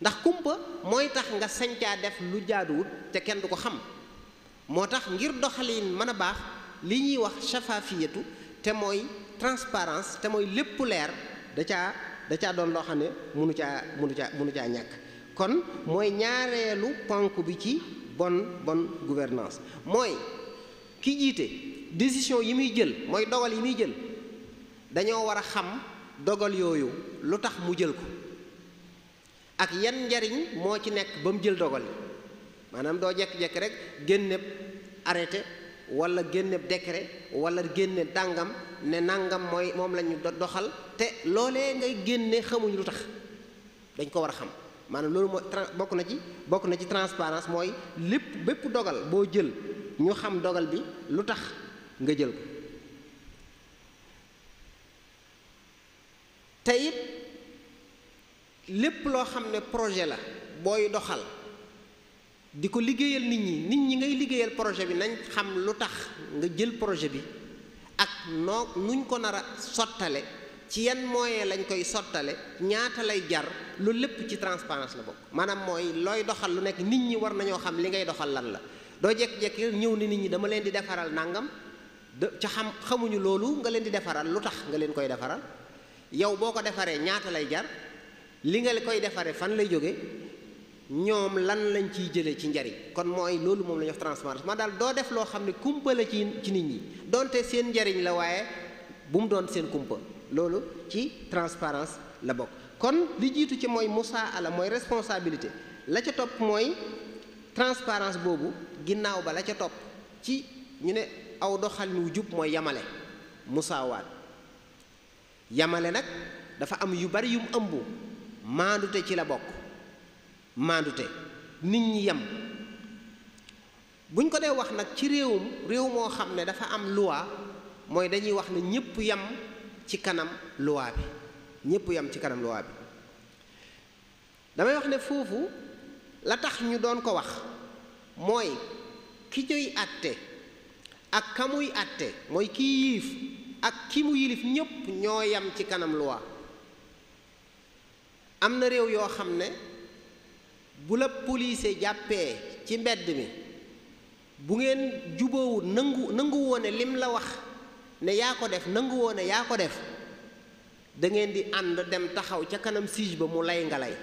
B: ndax kumpa mooy tax nga sañ def lu jaaduwut te kenn du ko xam moo tax ngir doxalin mën a baax li ñuy wax shafaafiyatu te mooy transparence te mooy lépp leer da caa da caa doon loo xam ne munu caa munu caa munu caa ñàkk kon mooy ñaareelu ponk bi ci bonne bon gouvernance mooy ki jiite décision yi muy jël mooy dogal yi muy jël dañoo war a xam dogal yooyu lu tax mu jël ko ak yan njariñ moo ci nekk ba mu jël dogal yi maanaam doo jekk-jekk rek génneb arrêté wala génneb décret wala génne dàngam ne nàngam mooy moom la ñu doxal te loolee ngay génne xamuñ lu tax dañ ko war a xam maanaam loolu mooy na ci bokk na ci transparence mooy lépp bépp dogal boo jël ñu xam dogal bi lu tax nga jël ko te lépp loo xam ne projet la booy doxal di ko liggéeyal nit ñi nit ñi ngay liggéeyal projet bi nañ xam lu tax nga jël projet bi ak noo nuñ ko nar a sottale ci yan moyen lañ koy sottale ñaata lay jar loolu lépp ci transparence la bokk maanaam mooy looy doxal lu nekk nit ñi war nañoo xam li ngay doxal lan la doo jekk-jekk ñëw ni nit ñi dama leen di defaral nangam ca xam xamuñu loolu nga leen di defaral lu tax nga leen koy defaral yow boo ko defaree ñaata lay jar li nga koy defaree fan lay jóge ñoom lan lañ ciy jëlee ci njariñ kon mooy loolu moom la ñuy wax transparence ma daal doo def loo xam ne kumpa la ci ci nit ñi donte seen njariñ la waaye bu mu doon seen kumpa loolu ci transparence la bokk kon li jiitu ci mooy musaa ala mooy responsabilité la ca topp mooy transparence boobu ginnaaw ba la ca topp ci ñu aw doxalin wu jub mooy yamale musaawaat yamale nag dafa am yu bari yum ëmb maandute ci la bokk maandute nit ñi yem buñ ko dee wax nag ci réewum réew moo xam ne dafa am loi mooy dañuy wax ne ñépp yem ci kanam loi bi ñépp yem ci kanam luwa bi damay wax ne foofu la tax ñu doon ko wax mooy ki ñuy àtte ak ka muy àtte mooy kii yiif ak ki mu yilif ñépp ñoo yam ci kanam loi am na réew yoo xam ne bu la police jàppee ci mbedd mi bu ngeen juboowu nangu nangu woone lim la wax ne yaa ko def nangu woone yaa ko def da ngeen di ànd dem taxaw ca kanam siige ba mu lay nga lay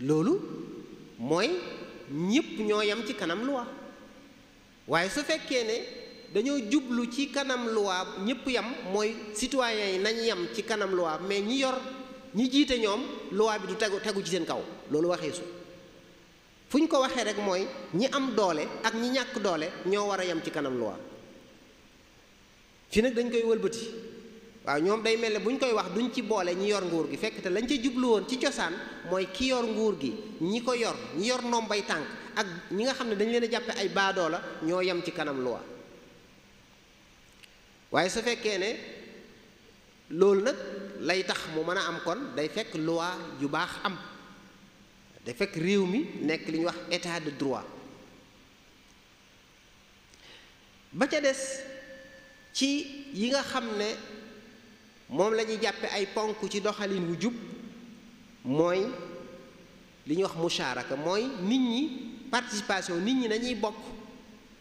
B: loolu mooy ñépp ñoo yam ci kanam loi waaye su fekkee ne dañoo jublu ci kanam luwaa ñëpp yam mooy citoyens yi nañ yam ci kanam luwaa mais ñi yor ñi jiite ñoom luwaa bi du tegu tegu ci seen kaw loolu waxee su fu ñu ko waxee rek mooy ñi am doole ak ñi ñàkk doole ñoo war a yem ci kanam luwaa fii nag dañ koy wëlbati waaw ñoom day mel ne bu ñu koy wax duñ ci boole ñi yor nguur gi fekk te lañ ca jublu woon ci cosaan mooy ki yor nguur gi ñi ko yor ñi yor nombay tànk ak ñi nga xam ne dañ leen a jàppe ay baadoo la ñoo yem ci kanam loi waaye su fekkee ne loolu nag lay tax mu mën a am kon day fekk loi yu baax am day fekk réew mi nekk li ñuy wax état de droit ba ca des ci yi nga xam ne moom lañuy ñuy jàppe ay ponk ci doxalin wu jub mooy li ñuy wax musharaka mooy nit ñi participation nit ñi nañuy bokk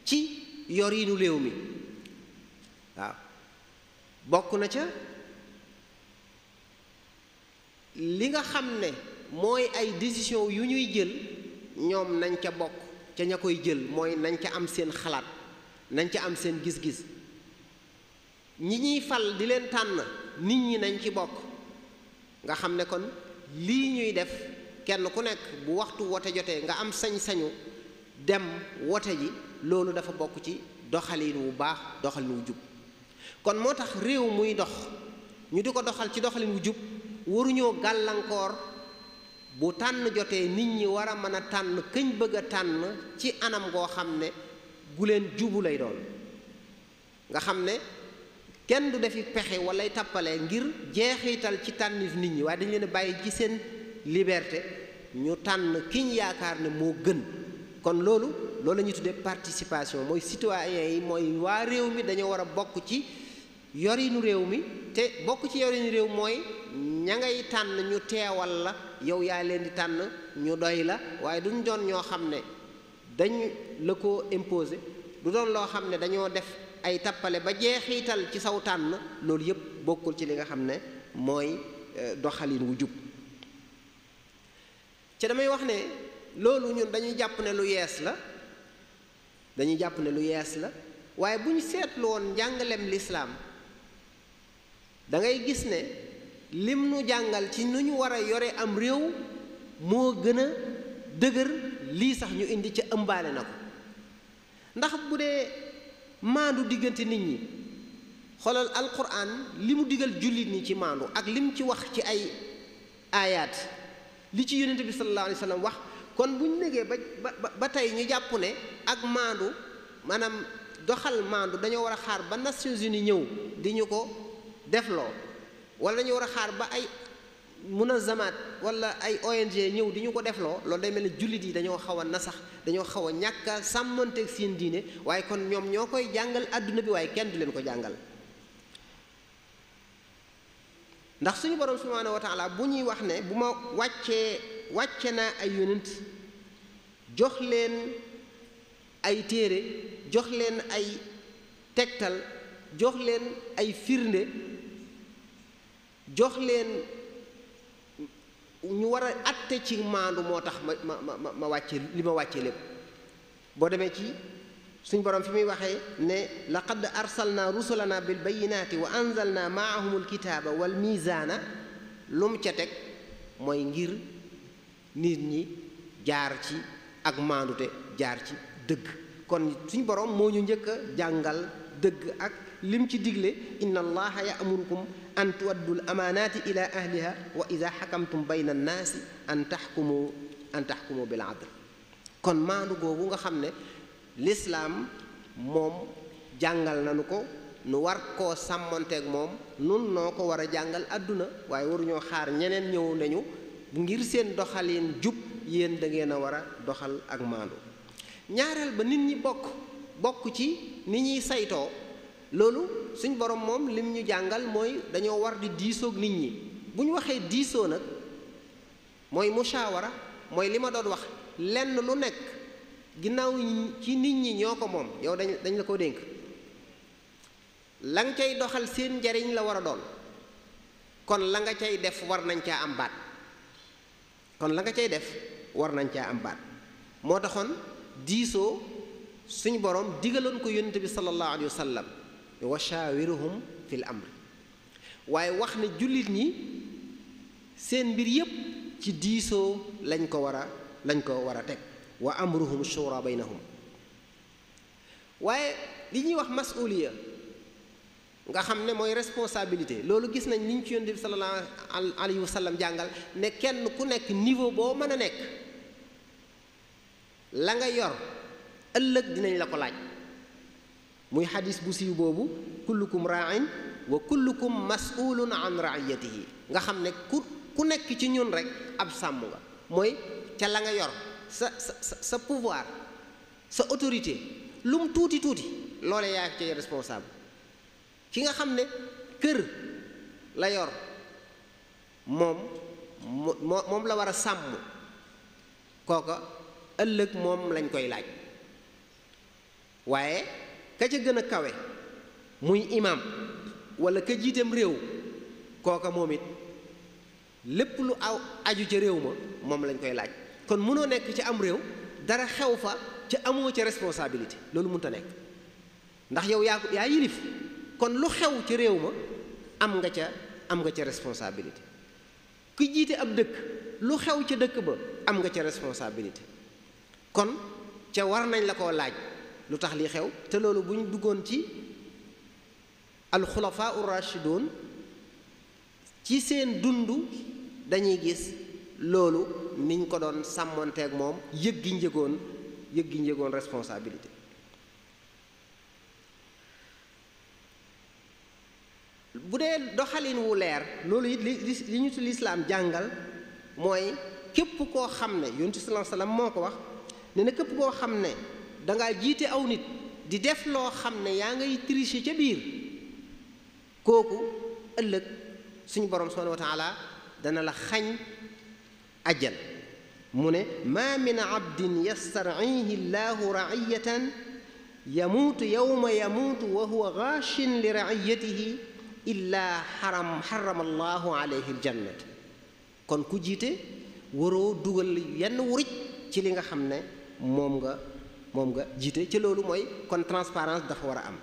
B: ci yorinu léew mi waaw bokk na ca li nga xam ne mooy ay décision yu ñuy jël ñoom nañ ca bokk ca ña koy jël mooy nañ ca am seen xalaat nañ ca am seen gis-gis ñi ñuy fal di leen tànn nit ñi nañ ci bokk nga xam ne kon lii ñuy def kenn ku nekk bu waxtu wote jotee nga am sañ-sañu dem wote ji loolu dafa bokk ci doxalin wu baax doxalin wu jub kon moo tax réew muy dox ñu di ko doxal ci doxalin wu jub waruñoo gàllankoor bu tànn jotee nit ñi war a mën a tànn këñ bëgg a tànn ci anam goo xam ne gu leen jubu lay doon nga xam ne kenn du defi pexe walay tappale ngir jeexital ci tànnif nit ñi waaye dañ leen bàyyi ci seen liberté ñu tànn kiñ yaakaar ne moo gën kon loolu loolu la ñuy tuddee participation mooy citoyen yi mooy waa réew mi dañoo war a bokk ci yorinu réew mi te bokk ci yorinu réew mooy ña ngay tànn ñu teewal la yow yaa leen di tànn ñu doy la waaye duñ doon ñoo xam ne dañ la ko imposer du doon loo xam ne dañoo def ay tappale ba jeexiital ci saw tànn loolu yëpp bokkul ci li nga xam ne mooy euh, doxalin wu jub ca damay wax ne loolu ñun dañuy jàpp ne lu yees la dañuy jàpp ne lu yees la waaye bu ñu seetlu woon njàngaleem lislaam da ngay gis ne lim nu jàngal ci nu ñu war a yore am réew moo gën a dëgër lii sax ñu indi ca ëmbaale na ko ndax bu dee maandu diggante nit ñi xoolal alquran li mu digal jullit ñi ci maandu ak lim ci wax ci ay aayaat li ci yonent bi sallallahu alayhi wa sallam wax kon bu ñu négee ba ba ba tey ñu jàpp ne ak maandu maanaam doxal maandu dañoo war a xaar ba Nations Unies ñëw di ñu ko defloo wala dañoo war a xaar ba ay munazamaat wala ay ONG ñëw di ñu ko defloo loolu day mel ne jullit yi dañoo xaw a nasax dañoo xaw a ñàkk a sàmmanteeg seen diine waaye kon ñoom ñoo koy jàngal àdduna bi waaye kenn du leen ko jàngal. ndax suñu borom subhaanahu wa taala bu ñuy wax ne bu ma wàccee wàcce naa ay yonent jox leen ay téere jox leen ay tegtal jox leen ay firnde jox leen ñu war a atte ci maandu moo tax ma ma ma ma wàcce li ma wàccee lépp boo demee ci suñ borom fi muy waxee ne laqad arsalna rusulana bil bayinaati wa anzalna maahumul kitaaba wal mizaana lum ca teg mooy ngir nit ñi jaar ci ak maandute jaar ci dëgg kon suñ borom moo ñu njëkk a jàngal dëgg ak lim ci digle inna allaha yaamurukum an tuwaddul amaanaati ila ahliha wa ida xakamtum bayna annaasi an taxkumu bil adl kon maandu googu nga xam ne lislaam moom jàngal nanu ko nu war koo sàmmonteeg moom nun noo ko war a jàngal àdduna waaye waruñoo xaar ñeneen ñëw nañu ngir seen doxalin jub yéen da a war a doxal ak maandu ñaareel ba nit ñi bokk bokk ci ni ñuy saytoo loolu suñ borom moom lim ñu jàngal mooy dañoo war di diisoog nit ñi bu waxee diisoo nag mooy mushawara mooy li ma doon wax lenn lu nekk ginnaaw ci nit ñi ñoo ko moom yow dañ dañ la ko dénk la nga cay doxal seen njariñ la war a doon kon la nga cay def war nañ caa am baat kon la nga cay def war nañ caa am baat moo taxoon diisoo suñ borom digaloon ko yonent bi sallallahu alayhi wa sallam wa shaawiruhum fil amri waaye wax ne jullit ñi seen mbir yépp ci diisoo lañ ko war lañ ko war a teg wa amruhum shura baynahum waaye li ñuy wax masuliya nga xam ne mooy responsabilité loolu gis nañ ni ñu ci yonent bi sallallahu alayhi wa jàngal ne kenn ku nekk niveau boo mën a nekk la nga yor ëllëg dinañ la ko laaj muy xadis bu siiw boobu kullukum raain wa kullukum masulun an raiyatihi nga xam ne ku ku nekk ci ñun rek ab sàmm nga mooy ca la nga yor sa sa sa pouvoir sa autorité lu mu tuuti tuuti loole yaa cay responsable ki nga xam ne kër la yor moom moom la war a sàmm kooka ëllëg moom lañ koy laaj waaye ka ca gën a kawe muy imam wala ka jiitam réew kooka moom it lépp lu aw aju ca réew ma moom lañ koy laaj kon mënoo nekk ci am réew dara xew fa ci amoo ci responsabilité loolu mun mënta nekk ndax yow yaa yaa yilif kon lu xew ci réew ma am nga ca am nga ca responsabilité ku jiite ab dëkk lu xew ca dëkk ba am nga ca responsabilité kon ca war nañ la ko laaj lu tax li xew te loolu buñ duggoon ci alxulafaa ur rashidun ci seen dund dañuy gis loolu niñ ko doon sàmmoonteek moom yëg gi njëgoon yëg gi njëgoon responsabilité bu dee doxalin wu leer loolu it li li ñu ci lislaam jàngal mooy képp koo xam ne yontu salaam salaam moo ko wax ne na képp koo xam ne dangaa jiite aw nit di def loo xam ne yaa ngay tricher ca biir kooku ëllëg suñu borom subhanahu wa taala dana la xañ ajjana mu ne maa min abdin yastarcihi llaahu raciyatan yamuutu yowma yamuutu wa huwa gaashin li raciyatihi illaa xaram xarama allaahu alayhi ljannata kon ku jiite waroo dugal yenn wuruj ci li nga xam ne moom nga moom nga jiite ci loolu mooy kon transparence dafa war a am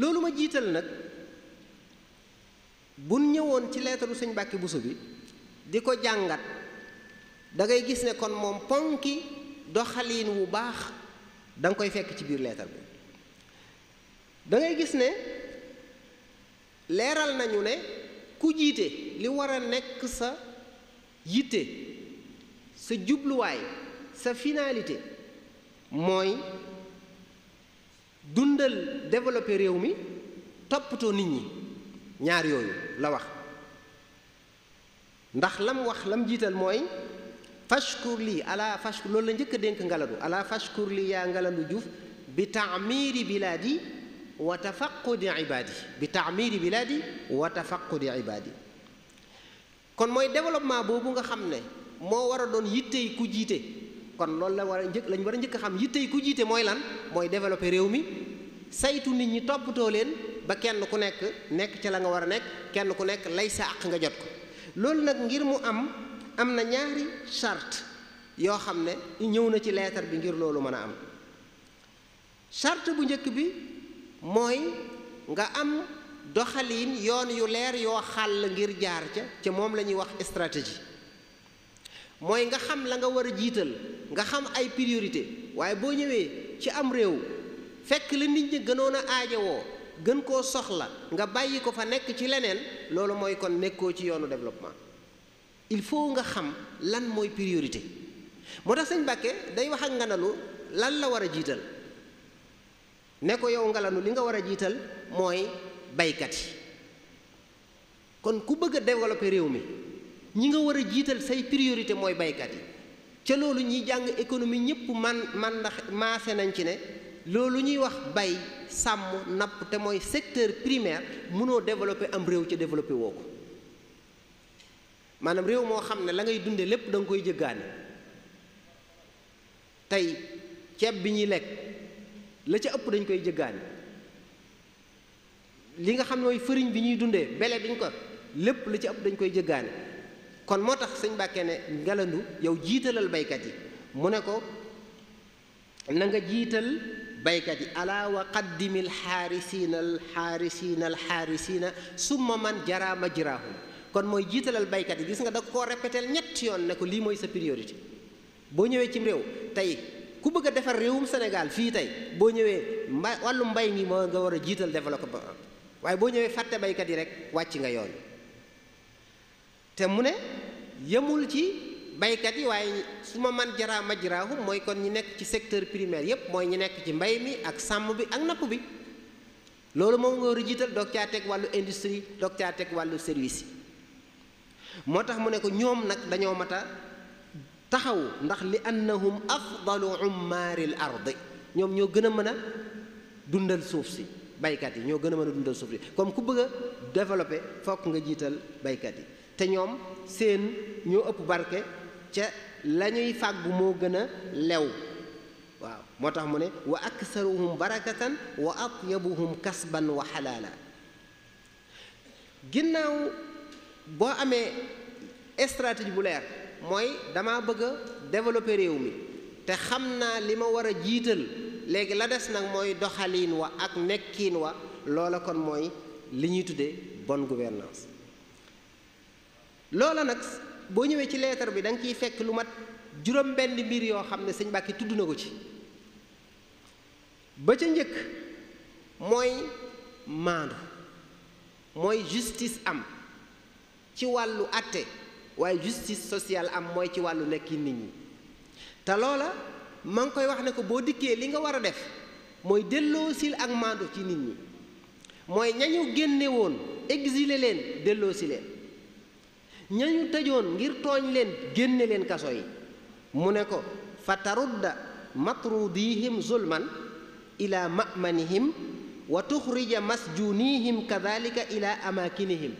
B: loolu ma jiital nag bu ñëwoon ci leetalu sëñ Mbàkke Buso bi di ko jàngat da ngay gis ne kon moom ponki doxaliin wu baax danga koy fekk ci biir leetar bi da gis ne leeral nañu ne ku jiite li war a nekk sa yitte sa jubluwaay sa finalité mooy dundal développer réew mi toppatoo nit ñi ñaar yooyu la wax ndax lam wax lam jiital mooy fashkur lii ala fashkur loolu la njëkk a dénk ngalandu ala fashkur lii yaa ngalandu juuf bi taamiri bilaadi wa tafaqudi ibaadi bi taamiri bilaadi wa tafaqudi ibaadi kon mooy développement boobu nga xam ne moo war a doon yittey ku jiite kon loolu la war a njëkk lañ war a njëkk a xam yittey ku jiite mooy lan mooy développer réew mi saytu nit ñi toppatoo leen ba kenn ku nekk nekk ca la nga war a nekk kenn ku nekk lay sa àq nga jot ko loolu nag ngir mu am am na ñaari charte yoo xam ne ñëw na ci leetar bi ngir loolu mën a am charte bu njëkk bi mooy nga am doxaliin yoon yu leer yoo xàll ngir jaar ca ca moom la ñuy wax stratégie mooy nga xam la nga war a jiital nga xam ay priorité waaye boo ñëwee ci am réew fekk la nit ñi gënoon a aajowoo gën koo soxla nga bàyyi ko fa nekk ci leneen loolu mooy kon nekkoo ci yoonu developpement il faut nga xam lan mooy priorité moo tax sëñ Mbàkke day wax ak nganalu lan la war a jiital ne ko yow ngalanu li nga war a jiital mooy baykat yi kon ku bëgg a développer réew mi ñi nga war a jiital say priorité mooy baykat yi ca loolu ñiy jàng économie ñëpp man man ndax maase nañ ci ne loolu ñuy wax bay sàmm napp te mooy secteur primaire mënoo développer am réew ca développer woo ko maanaam réew moo xam ne la ngay dunde lépp danga koy jëggaane tey ceeb bi ñuy lekk la ca ëpp dañ koy jëggaane li nga xam ne mooy fëriñ bi ñuy dundee bele bi ñu ko lépp la ca ëpp dañ koy jëggaane kon moo tax sëñ Mbàkke ne ngalandu yow jiitalal baykat yi mu ne ko na nga jiital baykat yi ala wa qaddimil xaarisiina alxaarisiina alxaarisiina summa man jara majrahum kon mooy jiitalal baykat yi gis nga da koo répéteel ñetti yoon ne ko lii mooy sa priorité boo ñëwee ci réew tey ku bëgg a defar réewum Sénégal fii tey boo ñëwee mba wàllu mbay mi moo nga war a jiital développement waaye boo ñëwee fàtte baykat yi rek wàcc nga yoon te mu ne yemul ci baykat yi waaye su ma man jaraa majraahum mooy kon ñi nekk ci secteur primaire yépp mooy ñi nekk ci mbay mi ak sàmm bi ak napp bi loolu moom nga a jiital doog caa teg wàllu industrie doog caa teg wàllu service yi moo tax mu ne ko ñoom nag dañoo mat a taxaw ndax li annahum afdalu ummaaril ardi ñoom ñoo gën a mën a dundal suuf si baykat yi ñoo gën a mën a dundal suuf si comme ku bëgg a développer fokk nga jiital baykat yi te ñoom séen ñoo ëpp barke ca lañuy ñuy moo gën a lew waaw moo tax mu ne wa aksaruhum barakatan wa atyabuhum kasban wa xalaala ginnaaw boo amee stratégie bu leer mooy dama bëgg a développer réew mi te xam naa li ma war a jiital léegi la des nag mooy doxaliin wa ak nekkiin wa loola kon mooy li ñuy tuddee bonne gouvernance loola nag boo ñëwee ci leetar bi danga nga ciy fekk lu mat juróom benn mbir yoo xam ne sëñ Mbàkke tudd na ko ci ba ca njëkk mooy maandu mooy justice am ci wàllu àtte waaye justice social am mooy ci wàllu nekki nit ñi te loola ma ngi koy wax ne ko boo dikkee li nga war a def mooy delloo sil ak maandu ci nit ñi mooy ña génne woon exilé leen delloo si leen ñañu tëjoon ngir tooñ leen génne leen kaso yi mu ne ko fa tarudda matrudihim zulman ila mamanihim wa tuxrija masjunihim kadalika ila amakinihim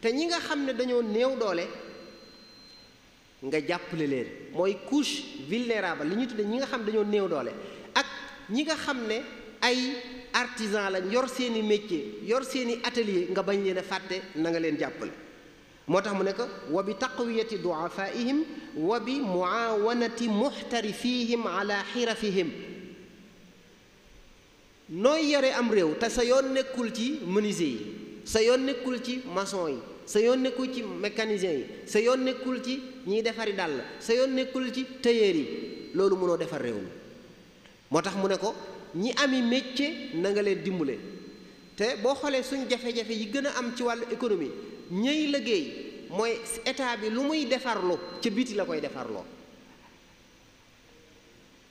B: te ñi nga xam ne dañoo néew doole nga jàppale leen mooy couche vulnérable li ñu tudde ñi nga xam ne dañoo néew doole ak ñi nga xam ne ay artisan lañ yor seeni métier yor seeni atelier nga bañ leen fàtte na nga leen jàppale moo tax mu ne ko wa bi taqwiyati duafaihim wa bi muawanati muxtarifihim ala xirafihim nooy yore am réew te sa yoon nekkul ci mënise yi sa yoon nekkul ci maçon yi sa yoon nekkul ci mécanicien yi sa yoon nekkul ci ñiy defari dàll sa yoon nekkul ci tailleur yi loolu mënoo defar réew mi moo tax mu ne ko ñi ami métier na nga leen dimbale te boo xoolee suñ jafe-jafe yi gën a am ci wàllu économie ñëy liggéey mooy état bi lu muy defarloo ca biti la koy defarloo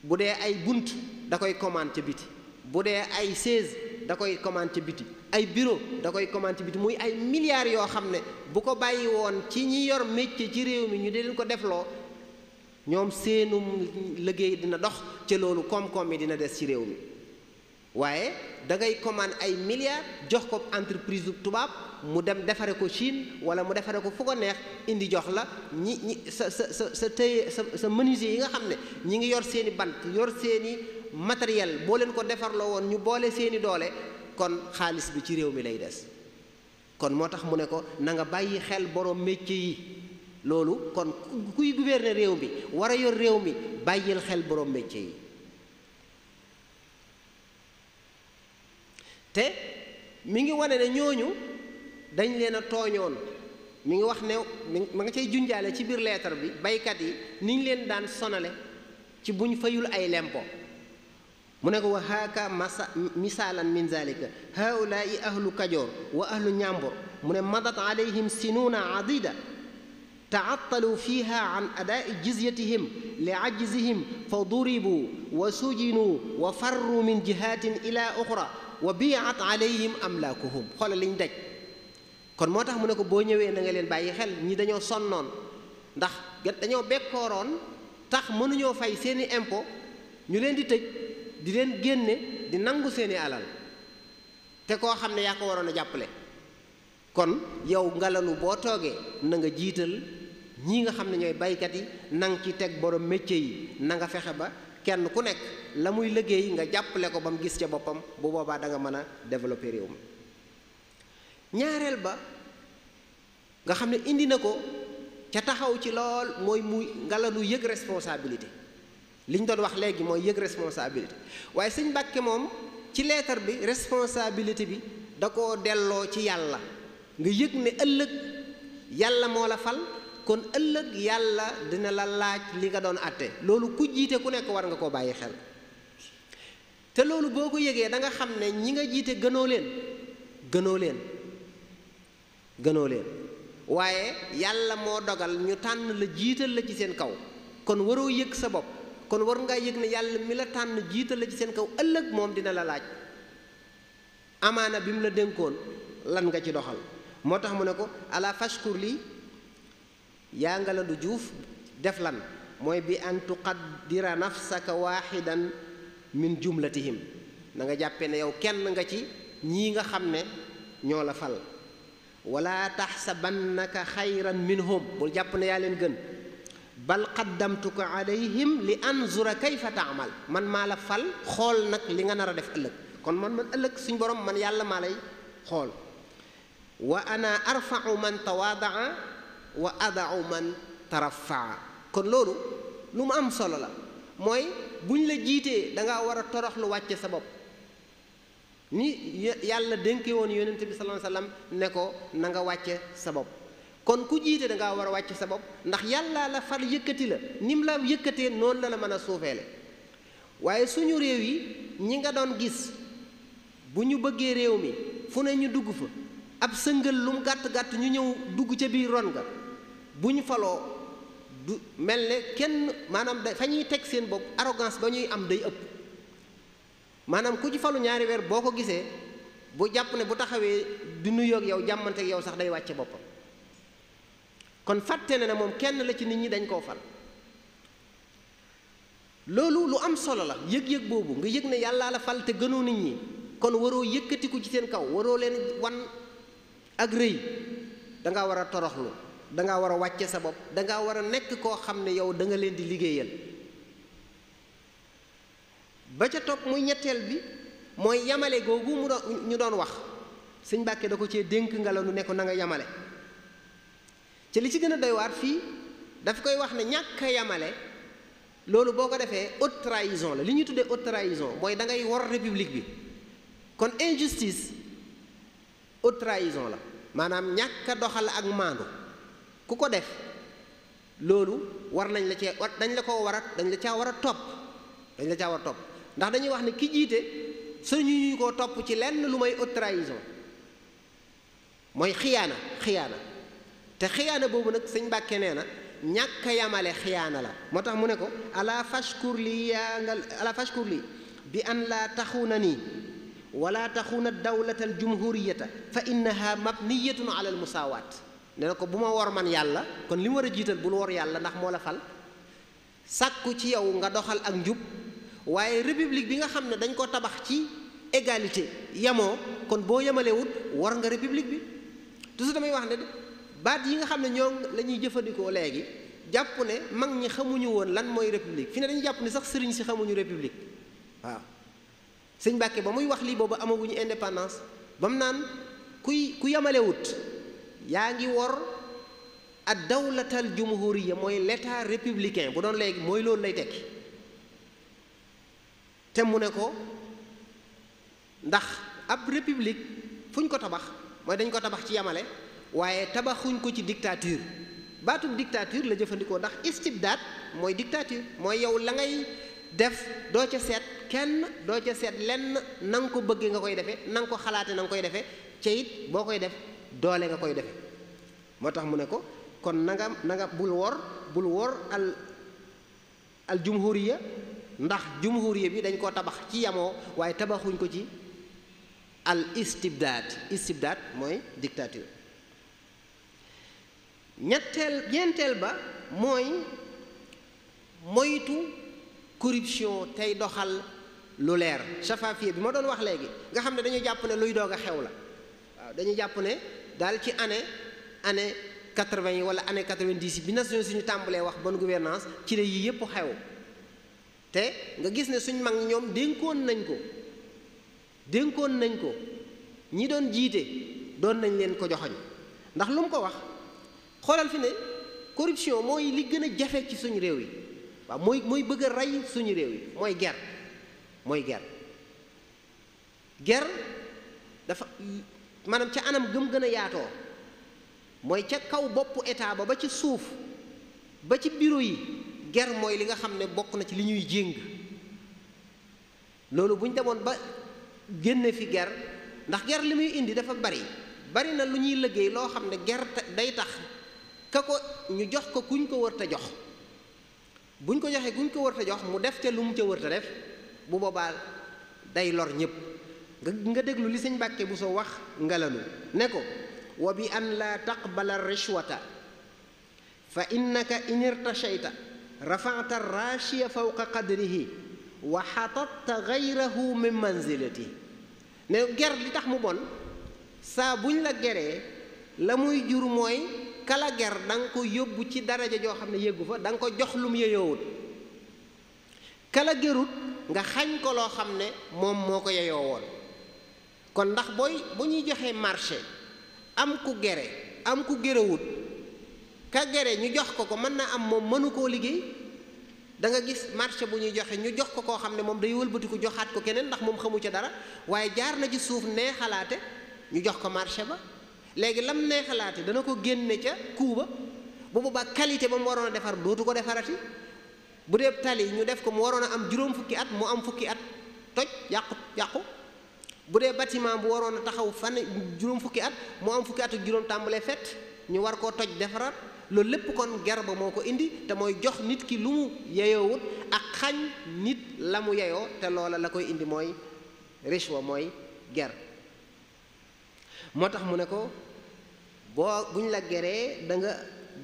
B: bu dee ay bunt da koy commande ca biti bu dee ay sais da koy commande ci biti ay bureau da koy commande ci biti muy ay milliards yoo xam ne bu ko bàyyi woon ci ñi yor métier ci réew mi ñu di leen ko defloo ñoom seenum liggéey dina dox ca loolu koom-koom yi dina des ci réew mi waaye dangay ngay ay milliards jox ko entreprise bu tubaab mu dem defare ko Chine wala mu defare ko fu ko neex indi jox la ñi ñi sa sa sa sa tëye sa sa menuisier yi nga xam ne ñi ngi yor seeni bant yor seeni matériel boo leen ko defarloo woon ñu boole seeni doole kon xaalis bi ci réew mi lay des kon moo tax mu ne ko nanga bàyyi xel boroom métier yi loolu kon kuy ne réew mi war a yor réew mi bàyyil xel borom métier yi te mi ngi wane ne ñooñu dañ leen a tooñoon mi ngi wax ne ma nga cay junjaale ci biir leetar bi baykat yi niñ leen daan sonale ci buñ fayul ay lempo mu ne ko wa haaka masa misaalan min zalika haulaai ahlu kajoor wa ahlu ñàmbor mu ne madat alayhim sinuuna adida taattalu fiha an adaai jizyatihim li ajzihim fa duribu wa sujinu wa farru min jihatin ila oxra wa biat alayhim amlaakuhum xoola liñ daj kon moo tax mu ne ko boo ñëwee na nga leen bàyyi xel ñi dañoo sonnoon ndax dañoo bekkooroon tax mënuñoo fay seeni impôt ñu leen di tëj di leen génne di nangu seeni alal te koo xam ne yaa ko waroon a jàppale kon yow ngalanu boo toogee na nga jiital ñii nga xam ne ñooy baykat yi na nga ci teg borom métier yi na nga fexe ba kenn ku nekk la muy liggéey nga jàppale ko ba mu gis ca boppam bu boobaa danga nga mën a développer réew mi ñaareel ba nga xam ne indi na ko ca taxaw ci lool mooy muy ngalanu yëg responsabilité li ñu doon wax léegi mooy yëg responsabilité waaye sëñ Mbàkke moom ci leetar bi responsabilité bi da koo delloo ci yàlla nga yëg ne ëllëg yàlla moo la fal kon ëllëg yàlla dina la laaj li nga doon àtte loolu ku jiite ku nekk war nga koo bàyyi xel te loolu boo ko yëgee danga xam ne ñi nga jiite gënoo leen gënoo leen gënoo leen waaye yàlla moo dogal ñu tànn la jiital la ci seen kaw kon waroo yëg sa bopp kon war ngaa yëg ne yàlla mi la tànn jiital la ci seen kaw ëllëg moom dina la laaj amaana bi mu la dénkoon lan nga ci doxal moo tax mu ne ko ala fashkur lii yaa nga la du juuf def lan mooy bi an tuqaddira nafsaka waaxidan min jumlatihim na nga jàppe ne yow kenn nga ci ñi nga xam ne ñoo la fal wala taxsabannaka xayran minhum bul jàpp ne yaa leen gën bal qaddamtuka alayhim li anzura kayfa taamal man maa la fal xool nag li nga nar a def ëllëg kon man man ëllëg suñ borom man yàlla maa lay xool wa ana arfau tawaadaa wa adau man tarafaa kon loolu lu mu am solo la mooy buñ la jiitee da war a torox lu wàcce sa bopp ni yàlla dénke woon yonente bi sallallahu alayhi wasallam ne ko na nga wàcce sa bopp kon ku jiite da ngaa war a wàcc sa bopp ndax yàllaa la far yëkkati la ni mu la yëkkatee noonu la la mën a suufeele waaye suñu réew yi ñi nga doon gis bu ñu bëggee réew mi fu ne ñu dugg fa ab sëngal lum mu gàtt gàtt ñu ñëw dugg ca biir ron ga bu ñu faloo du mel ne kenn maanaam da fa ñuy teg seen bopp arogance ba ñuy am day ëpp maanaam ku ci falu ñaari weer boo ko gisee bu jàpp ne bu taxawee du nuyoog yow jàmmanteeg yow sax day wàcce boppam kon fàtte na moom kenn la ci nit ñi dañ koo fal loolu lu am solo la yëg-yëg boobu nga yëg ne yàllaa la fal te gënoo nit ñi kon waroo yëkkatiku ci seen kaw waroo leen wan ak rëy dangaa war a toroxlu dangaa war a wàcce sa bopp dangaa war a nekk koo xam ne yow danga leen di liggéeyal ba ca topp muy ñetteel bi mooy yamale googu mu doon ñu doon wax sëñ Mbàkke da ko cee dénk nga la nu ne ko na nga yamale ci li ci gën a doy waar fii daf koy wax ne ñàkk a yamale loolu boo ko defee haute trahison la li ñuy tuddee haute trahison mooy da ngay wor république bi kon injustice haute trahison la maanaam ñàkk doxal ak maandu ku ko def loolu war nañ la cee dañ la ko war a dañ la caa war a topp dañ la caa war a topp ndax dañuy wax ne ki jiite suñu ñu ko topp ci lenn lu may haute trahison mooy xiyaana xiyaana te xiyaana boobu nag sëñ Mbàkke nee na ñàkk a yamale xiyaana la moo tax mu ne ko ala fashkur li yaa nga ala fashkur li bi an laa na nii wala taxuuna dawlatal jumhuriyata fa innaha mabniyatun ala al musaawaat ne na ko bu ma wor man yàlla kon li mu war a jiital bul wor yàlla ndax moo la fal sàkku ci yow nga doxal ak njub waaye république bi nga xam ne dañ ko tabax ci égalité yamoo kon boo wut wor nga république bi toujours damay wax baat yi nga xam ne ñoo lañuy jëfandikoo léegi jàpp ne mag ñi xamuñu woon lan mooy république fi ne dañu jàpp ne sax sëriñ si xamuñu république waaw sëñ Mbàkke ba muy wax lii boobu amaguñu indépendance ba mu naan kuy ku wut yaa ngi wor ad dawlatal jumhuriya mooy l'état républicain bu doon léegi mooy loolu lay tekki te mu ne ko ndax ab république fu ñu ko tabax mooy dañ ko tabax ci yamale waaye tabaxuñ ko ci dictature baatub dictature la jëfandikoo ndax istibdaat mooy dictature mooy yow la ngay def doo ca seet kenn doo ca seet lenn na ko bëggee nga koy defee na nga ko xalaate na koy defee ca it boo koy def doole nga koy defe moo tax mu ne ko kon na nga na bul wor bul wor al al jumhuriya ndax jumhuriya bi dañ koo tabax ci yamoo waaye tabaxuñ ko ci al istibdaat istibdaat mooy dictature ñetteel ñeenteel ba mooy moytu corruption tey doxal lu leer chafafie bi ma doon wax léegi nga xam ne dañu jàpp ne luy doog a xew la waaw dañu jàpp ne daal ci année année quatre-vingt yi wala année quatre-vingt-dix bi nations suñu tàmbalee wax bonne gouvernance ci la yii yëpp xew te nga gis ne suñ mag ñi ñoom dénkoon nañ ko dénkoon nañ ko ñi doon jiite doon nañ leen ko joxoñ ndax lu mu ko wax xoolal fi ne corruption mooy li gën a jafe ci suñu réew yi waaw mooy mooy bëgg a rey suñu réew yi mooy ger mooy ger ger dafa maanaam ca anam gëm gën a yaatoo mooy ca kaw boppu état ba ba ci suuf ba ci bureau yi ger mooy li nga xam ne bokk na ci li ñuy jéng loolu bu ñu demoon ba génne fi ger ndax ger li muy indi dafa bari bari na lu ñuy liggéey loo xam ne ger day tax ka ko ñu jox ko kuñ ko wërta jox buñ ko joxee kuñ ko wërta jox mu def ca lu mu ca wërta def bu boobaa day lor ñëpp nga nga déglu li sëñ Mbàkke bu sa wax ngalanu ne ko wa bi an laa bala rishwata fa innaka in irtashayta rafata raashiya fawqa qadrihi wa xatatta gayrahu min manzilati ne ger li tax mu bon saa buñ la geree la muy jur mooy kala ger da ko yóbbu ci daraja joo xam ne yëggu fa danga ko jox lu mu yeyoowut nga xañ ko loo xam ne moom moo ko yeyoo woon kon ndax booy bu ñuy joxee marché am ku gere am ku gerewut ka gere ñu jox ko ko mën na am moom mënu koo liggéey danga gis marché bu ñuy joxe ñu jox ko koo xam ne moom day wëlbatiku joxaat ko keneen ndax moom xamu ca dara waaye jaar na ci suuf nee xalaate ñu jox ko marché ba léegi lam xalaat yi dana ko génne ca kuuba bu boobaa qualité ba mu waroon a defar dootu ko defarati bu dee tali ñu def ko mu waroon a am juróom fukki at mu am fukki at toj yàqu yàqu bu dee bâtiment bu waroon a taxaw fan juróom fukki at mu am fukki at ak tàmbalee fet ñu war koo toj defaraat loolu lépp kon ger ba moo ko indi te mooy jox nit ki lu mu yeyoowut ak xañ nit la mu yeyoo te loola la koy indi mooy riche wa mooy ger moo tax mu ne ko boo bu ñu la geree danga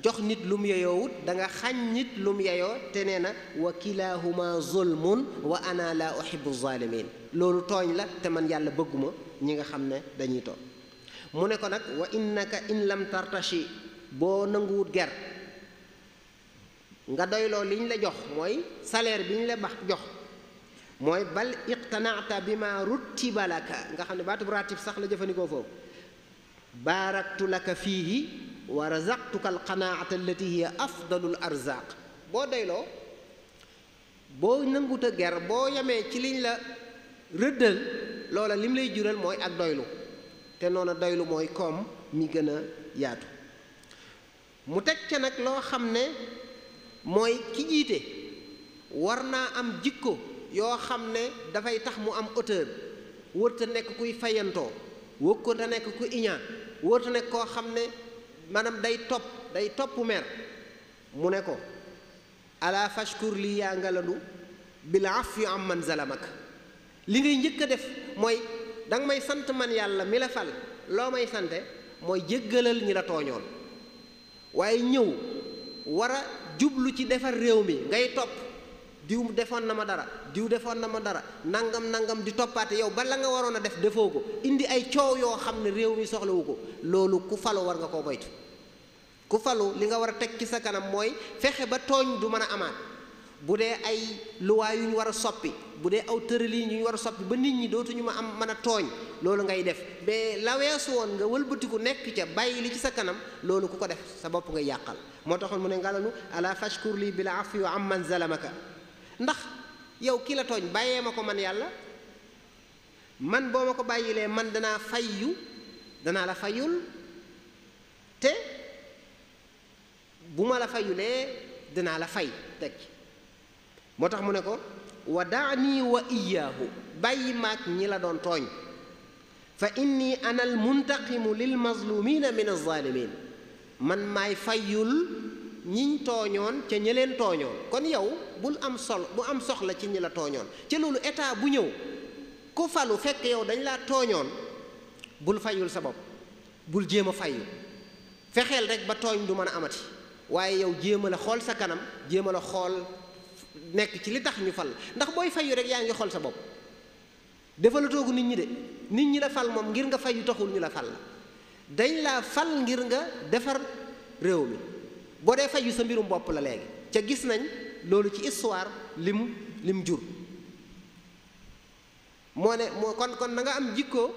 B: jox nit lu mu yeyoowut da nga xañ nit lu yeyoo te nee na wa kilahuma zulmun wa ana la uhibbu zalimin loolu tooñ la te man yàlla bëgguma ñi nga xam ne dañuy tooñ mu ne ko nag wa innaka in lam tartashi boo nanguwut ger nga doyloo liñ la jox mooy salaire bi ñu la bax jox mooy bal iqtanaata bi ma ruttiba laka nga xam ne baatub raatib sax la jëfandikoo foofu baaraktu laka fiihi wa xanaa alqanaata allati hiya afdalul arzaq boo dayloo boo nanguta ger boo yamee ci liñ la rëddal loola lim lay jural mooy ak doylu te noona doylu mooy koom mi gën a yaatu mu teg ca nag loo xam ne mooy ki jiite war naa am jikko yoo xam ne dafay tax mu am hauteur wërta nekk kuy fayantoo wëkkonte nekk ku iñaan wóotu ne koo xam ne maanaam day topp day topp mer mu ne ko ala fashkur li yaa nga landu bil afi am man zalamak li ngay njëkk def mooy danga may sant man yàlla mi loo may sante mooy jéggalal ñi la tooñoon waaye ñëw war a jublu ci defar réew mi ngay topp diw defoon na ma dara diw defoon na ma dara nangam nangam di toppaate yow ba la nga waroon a def defoo ko indi ay coow yoo xam ne réew mi soxlawu ko loolu ku falo war nga koo moytu ku falu li nga war a teg ci sa kanam mooy fexe ba tooñ du mën a amaat bu dee ay luwaa yu war a soppi bu dee aw tërëliin yu ñu war a soppi ba nit ñi dootuñu ma am mën a tooñ loolu ngay def mais la weesu woon nga wëlbatiku nekk ca bàyyi li ci sa kanam loolu ku ko def sa bopp ngay yàqal moo taxoon mu ne ngalalu ala fashkur li bila afwi amman zalamaka ndax yow kii la tooñ bàyyee ma ko man yàlla man boo ma ko bàyyilee man danaa fayyu danaa la fayul te bu ma la fayulee danaa la fay teg moo tax mu ne ko wa daani wa iyaahu bàyyi maag ñi la doon tooñ fa inni ana almuntaqimu lil mazlumina min alzalimin man maay fayul ñiñ tooñoon ca ñi leen tooñoon kon yow bul am sol bu am soxla ci ñi la tooñoon ci loolu état bu ñëw ku falu fekk yow dañ laa tooñoon bul fayul sa bopp bul jéem a fayu fexeel rek ba tooñ du mën a amati waaye yow jéem a la xool sa kanam jéem a la xool nekk ci li tax ñu fal ndax booy fayu rek yaa ngi xool sa bopp defala toogu nit ñi de nit ñi la fal moom ngir nga fay yu taxul ñu la fal la dañ laa fal ngir nga defar réew mi boo dee fayu sa mbirum bopp la léegi ca gis nañ loolu ci histoire lim lim jur moo ne moo kon kon na nga am jikko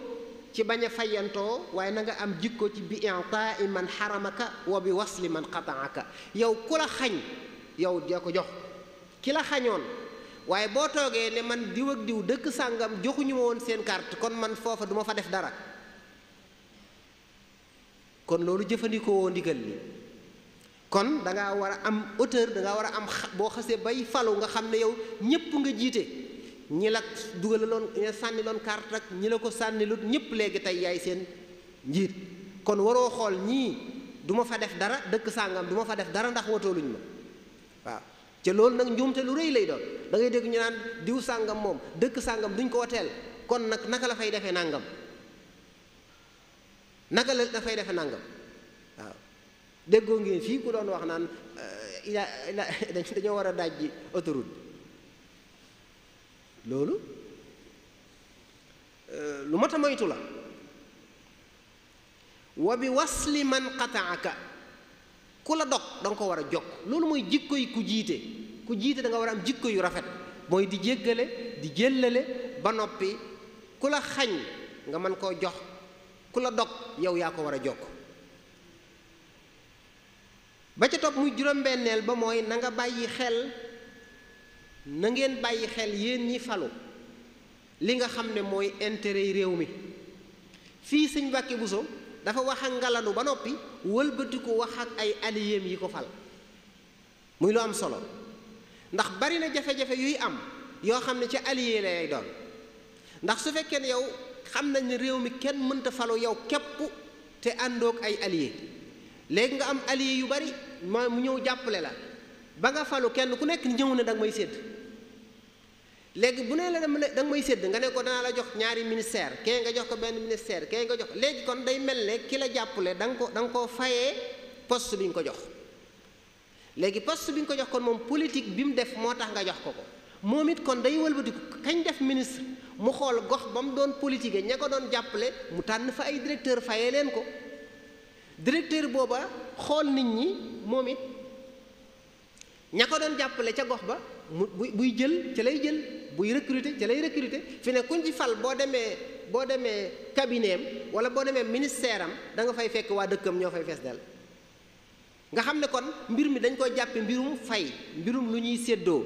B: ci bañ a fayantoo waaye na nga am jikko ci bi intaai man xaramaka wa bi wasli man qataaka yow ku la xañ yow doo jox ki la xañoon waaye boo toogee ne man diw ak diw dëkk sàngam joxuñu ma woon seen carte kon man foofa duma fa def dara kon loolu jëfandikoo woo ndigal li kon da war a am hauteur danga war a am boo xasee bay falu nga xam ne yow ñëpp nga jiite ñi la dugaloon sànni loon carte ak ñi la ko sànni lut ñëpp léegi tey yaay seen njiit kon waroo xool ñii duma fa def dara dëkk sàngam du ma fa def dara ndax watoo luñ ma waaw te loolu nag njuumte lu rëy lay doon da ngay dégg ñu naan diw sàngam moom dëkk sàngam duñ ko woteel kon nag naka la fay defee nàngam naka la dafay defe nàngam déggoo ngeen fii ku doon wax naan euh, dañoo war a daaj ji autoroute bi loolu euh, lu mat a moytu la wa bi wasli man qataaka ku la dog danga ko war a jokk loolu mooy jikko yi ku jiite ku jiite danga war a am jikko yu rafet mooy di jéggale di jëllale ba noppi ku la xañ nga mën koo jox ku la dog yow yaa ko war a jokk ba ca topp muy juróom-benneel ba mooy na nga bàyyi xel na ngeen bàyyi xel yéen ñi falu li nga xam ne mooy intérêt réew mi fii sëñ Mbàkke Buso dafa wax ak ngalanu ba noppi wëlbatiku wax ak ay alliés yi ko fal muy lu am solo ndax bari na jafe-jafe yuy am yoo xam ne ci allié lay doon ndax su fekkee yow xam nañ ne réew mi kenn mënta falu yow képp te àndoog ay alliés léegi nga am alliés yu bari ma mu ñëw jàppale la ba nga falu kenn ku nekk ñëw na da may sédd léegi bu nee la dama da nga may sédd nga ne ko danaa la jox ñaari ministère kee nga jox ko benn ministère kee nga jox léegi kon day mel ne ki la jàppale ko da koo fayee poste bi nga ko jox léegi poste bi nga ko jox kon moom politique bi mu def moo tax nga jox ko ko moom it kon day wëlbatiku kañ def ministre mu xool gox ba mu doon politique ña ko doon jàppale mu tànn fa ay directeur fayee leen ko directeur booba xool nit ñi moom it ña ko doon jàppale ca gox ba mu buy jël ca lay jël buy recruter ca lay recruter fi ne kuñ ci fal boo demee boo demee cabinet am wala boo demee ministère am da fay fekk waa dëkkam ñoo fay fees dell nga xam ne kon mbir mi dañ koy jàppe mbirum fay mbirum lu ñuy séddoo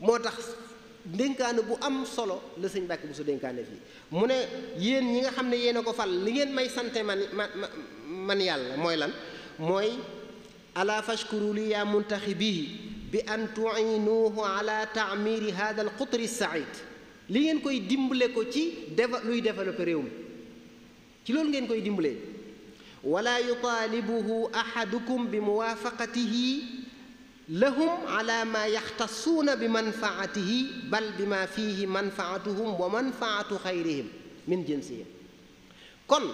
B: moo tax dénkaane bu am solo la sëñ Mbàkke bu su dénkaane fii mu ne yéen ñi nga xam ne yéen a ko fal li ngeen may sante ma ma man yàlla mooy lan mooy ala fashkuru li yaa muntaxibihi bi an tuinuuhu ala taamiri hada al qutri said li ngeen koy dimbale ko ci deva luy développé réew mi ci loolu ngeen koy dimbalee wala yutaalibuhu ahadukum bi muwaafaqatihi lahum ala ma yaxtasuuna bi manfaatihi bal bi ma fiihi manfaatuhum wa manfaatu xayrihim min jinsihim kon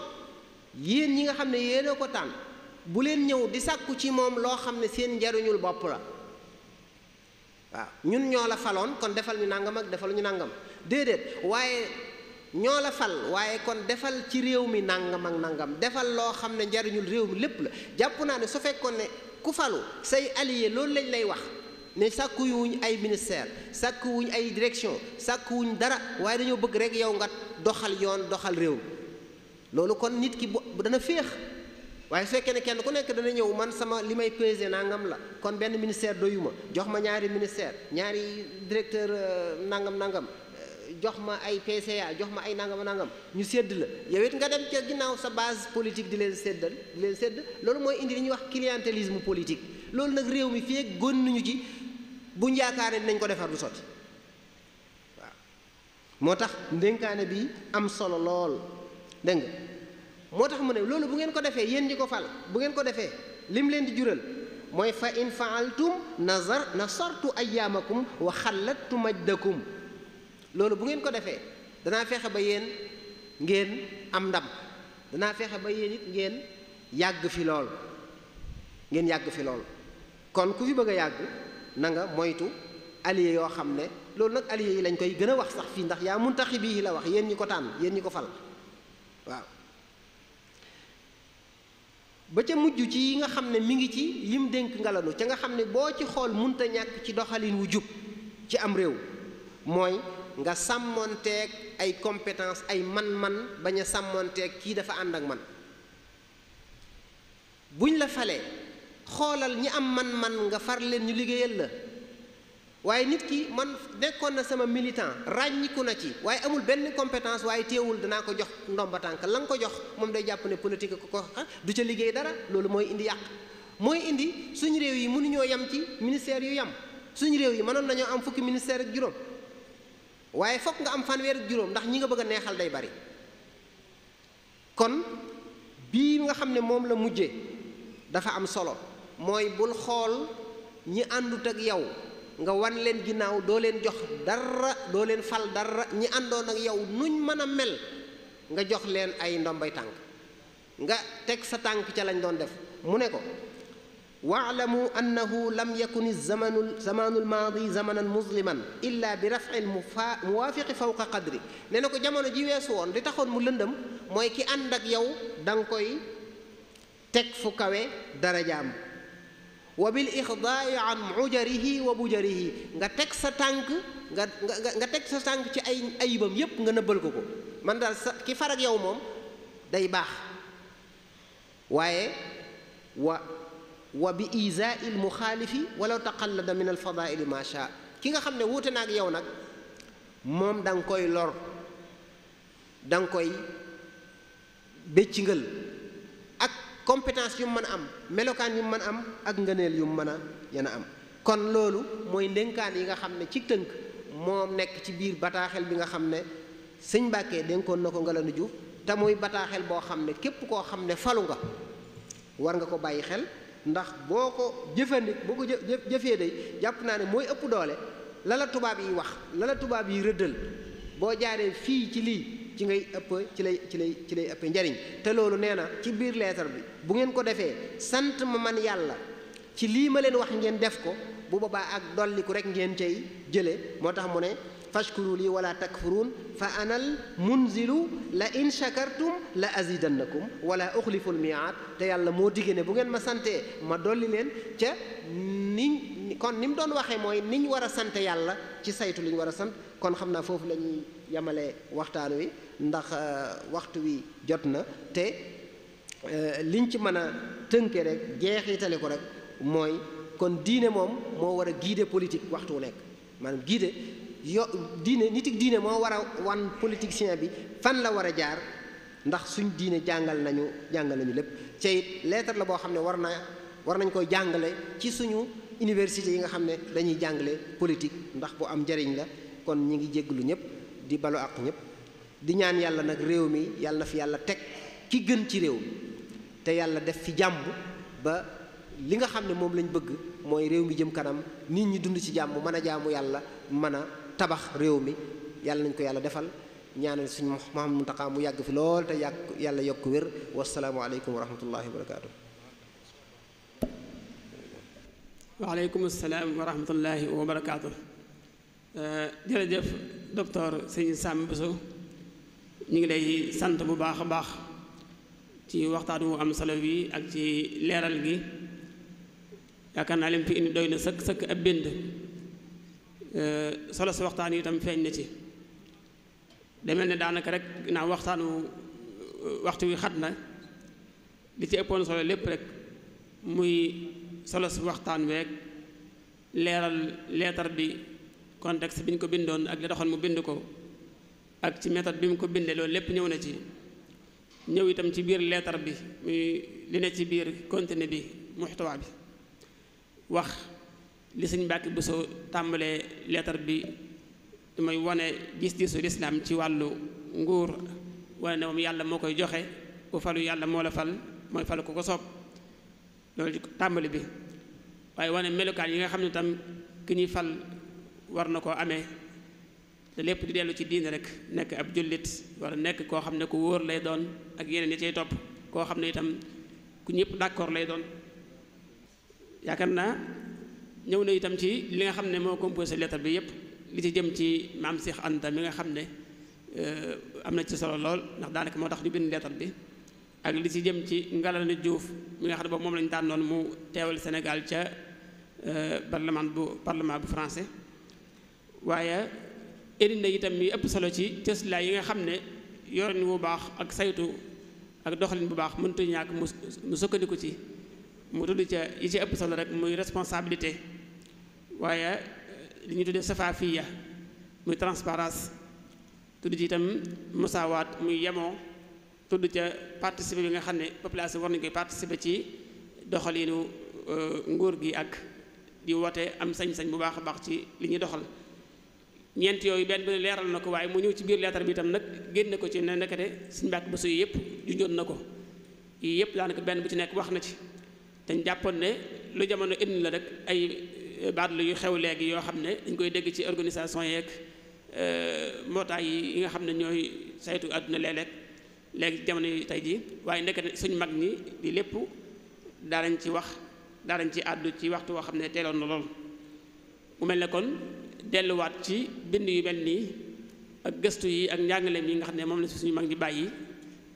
B: yéen ñi nga xam ne yéen ko tànn bu leen ñëw di sàkku ci moom loo xam ne seen njariñul bopp la waaw ñun ñoo la faloon kon defal ñu nàngam ak defal ñu nàngam déedéet waaye ñoo la fal waaye kon defal ci réew mi nàngam ak nàngam defal loo xam ne njariñul réew mi lépp la jàpp naa ne su fekkoon ne ku falu say allié loolu lañ lay wax ne sàkkuwuñ ay ministère sàkkuwuñ ay direction wuñ dara waaye dañoo bëgg rek yow nga doxal yoon doxal réew loolu kon nit ki bo dana féex waaye su fekkee ne kenn ku nekk dana ñëw man sama li may pesé nangam la kon benn ministère doyuma jox ma ñaari ministère ñaari directeur euh, nangam nangam euh, jox ma ay PCA jox ma ay nangam nangam ñu sedd la yow nga dem ca ginnaaw sa base politique di leen séddal di leen sédd loolu mooy indi li ñuy wax clientélisme politique loolu nag réew mi fii ak nañu ci buñ yaakaaree nañ ko defar du sotti waaw moo tax ndénkaane bi am solo lool dégg nga moo tax mu ne loolu bu ngeen ko defee yéen ñi ko fal bu ngeen ko defee lim leen di jural mooy fa in na nazar nasartu ayyaamakum wa xallattu majdakum loolu bu ngeen ko defee danaa fexe ba yéen ngeen am ndam danaa fexe ba yéen it ngeen yàgg fi lool ngeen yàgg fi lool kon ku fi bëgg a yàgg na nga moytu allié yoo xam ne loolu nag allié yi lañ koy gën a wax sax fii ndax yaa muntaxi bii la wax yéen ñi ko tànn yéen ñi ko fal waaw ba ca mujj ci yi nga xam ne mi ngi ci yim dénk ngalanu ca nga xam ne boo ci xool munta ñàkk ci doxalin wu jub ci am réew mooy nga sàmmoonteeg ay compétence ay man-man bañ a sàmmoonteeg kii dafa ànd ak man buñ la falee xoolal ñi am man-man nga far leen ñu liggéeyal la waaye nit ki man nekkoon na sama militant ràññiku na ci waaye amul benn compétence waaye teewul danaa ko jox ndomba tànk la nga ko jox moom day jàpp ne politique ko ko du ca liggéey dara loolu mooy indi yàq mooy indi suñu réew yi mënuñoo yam ci ministère yu yam suñu réew yi mënoon nañoo am fukki ministère ak juróom waaye fokk nga am fanweer ak juróom ndax ñi nga bëgg a neexal day bari kon bii nga xam ne moom la mujje dafa am solo mooy bul xool ñi àndut ak yow nga wan leen ginnaaw doo leen jox dara doo leen fal dara ñi àndoon ak yow nuñ mën a mel nga jox leen ay ndombay tànk nga teg sa tànk ca lañ doon def mu ne ko waalamu annahu lam yakun zamanu zamanu lmaadi zamanan musliman illa bi rafi muwaafiqi fawqa qadri nee na ko jamono ji weesu woon li taxoon mu lëndëm mooy kii ànd ak yow da koy teg fu kawe darajaam wa bi ixdaai an ujarihi wa bujarihi nga teg sa tànk nga nga nga teg sa tànk ci ay ayibam yépp nga nëbbal ko ko man daal sa ki far yow moom day baax waaye wa wa bi isaai l muxaalifi walaw taqallada min al fadaili ma sha ki nga xam ne wuute na ak yow nag moom danga koy lor da koy koy béccingal compétence yu mu mën a am melokaan yu mu mën a am ak ngëneel yu mu mën a yana am kon loolu mooy ndénkaan yi nga xam ne ci tënk moo nekk ci biir bataaxel bi nga xam ne sëñ Mbàkke dénkoon na ko Ngalandou Diouf te muy bataaxel boo xam ne képp koo xam ne falu nga war nga ko bàyyi xel ndax boo ko jëfandik boo ko jëfee day jàpp naa ne mooy ëpp doole la la tubaab yi wax la la tubaab yi rëddal boo jaaree fii ci lii ci ngay ëpp ci lay ci lay ci lay ëpp njariñ te loolu nee na ci biir leetar bi bu ngeen ko defee sant ma man yàlla ci lii ma leen wax ngeen def ko bu boobaa ak dolliku rek ngeen cay jële moo tax mu ne fashkuru lii wala takfuruun fa anal munzilu la in shakartum la azidannakum wala uxlifu lmiaat te yàlla moo digge bu ngeen ma santee ma dolli leen ca ni kon ni mu doon waxee mooy niñ war a sant yàlla ci saytu liñ ñu war a sant kon xam naa foofu la ñuy waxtaan wi ndax euh, waxtu wi jot na te euh, liñ ci mën a tënke rek jeexitale ko rek mooy kon diine moom moo war a giide politique waxtu wu nekk maanaam guider yo diine nitik diine moo war a wan politicien bi fan la war a jaar ndax suñ diine jàngal nañu jàngal nañu lépp ca leetar la boo xam ne war na war nañ koy jàngale ci suñu université yi nga xam ne dañuy jàngale politique ndax bu am njariñ la kon ñi ngi jégglu ñëpp di balu àq ñëpp di ñaan yàlla nag réew mi yàlla na fi yàlla teg ki gën ci réew te yàlla def ci jàmm ba li nga xam ne moom lañ bëgg mooy réew mi jëm kanam nit ñi dund ci jàmm mën a jaamu yàlla man a tabax réew mi yàlla nañ ko yàlla defal ñaan suñu Muhammad Muntaqa mu yàgg fi lool te yàgg yàlla yokk wér wasalaamu aleykum wa rahmatullahi wa barakaatu.
A: waaleykum salaam wa rahmatullahi ñu ngi lay sant bu baax a baax ci waxtaan wu am solo wi ak ci leeral gi yaakaar naa leen fi indi doy na sëkk sëkk ab bind solo si waxtaan yi itam feeñ na ci demel ne daanaka rek naa waxtaan wu waxtu wi xat na li ci ëppoon solo lépp rek muy solo si waxtaan wi week leeral leetar bi contexte bi ñu ko bindoon ak li taxoon mu bind ko ak ci méthode bi mu ko bindee loolu lépp ñëw na ci ñëw itam ci biir leetar bi muy li ne ci biir contenu bi muxtawa bi wax li sëñ Mbàkke Buso tàmbalee leetar bi damay wane gis-gisu lislaam ci wàllu nguur wane ne moom yàlla moo koy joxe ku falu yàlla moo la fal mooy falu ko ko soob loolu tàmbali bi waaye wane melukaan yi nga xam ne tam ki ñuy fal war na koo amee te lépp di dellu ci diine rek nekk ab jullit wala nekk koo xam ne ku wóor lay doon ak yeneen yi cay topp koo xam ne itam ku ñëpp d'accord lay doon yaakaar naa ñëw na itam ci li nga xam ne moo composé lettre bi yépp li ci jëm ci maam Cheikh Anta mi nga xam ne euh, am na ci solo lool ndax daanaka moo tax ñu bind lettre bi ak li ci jëm ci Ngalane Diouf mi nga xam ne boobu moom lañu tànnoon mu teewal Sénégal ca euh, parlement bu parlement bu français waaye indi na itam yi ëpp solo ci cëslaay yi nga xam ne yorin bu baax ak saytu ak doxalin bu baax mënut a ñàkk mu sukkandiku ci mu tudd ca yi ci ëpp solo rek muy responsabilité waaye li ñu tuddee safaafiya muy transparence tudd ci itam musaawaat muy yemo tudd ca participer bi nga xam ne population war nañu koy participer ci doxalinu euh, nguur gi ak di woote am sañ-sañ bu baax a baax ci li ñuy doxal ñeent yooyu benn bi leeral na ko waaye mu ñëw ci biir leetar bi itam nag génne ko ci ne nekkate suñ ba yi yëpp junjoon na ko yii yëpp daanaka benn bu ci nekk wax na ci dañ jàppoon ne lu jamono indi la rek ay euh, baat yu xew léegi yoo xam ne dañ koy dégg ci organisation yeeg euh, mbootaay yi nga xam ne ñooy saytu àdduna léeg-léeg léegi jamono yi tey jii waaye nekkate suñ mag ñi di lépp daarañ ci wax daarañ ci àddu ci waxtu woo xam ne teeloon na lool mu delluwaat ci bind yu mel nii ak gëstu yi ak njàngaleem yi nga xam ne moom la si suñu mag ñi bàyyi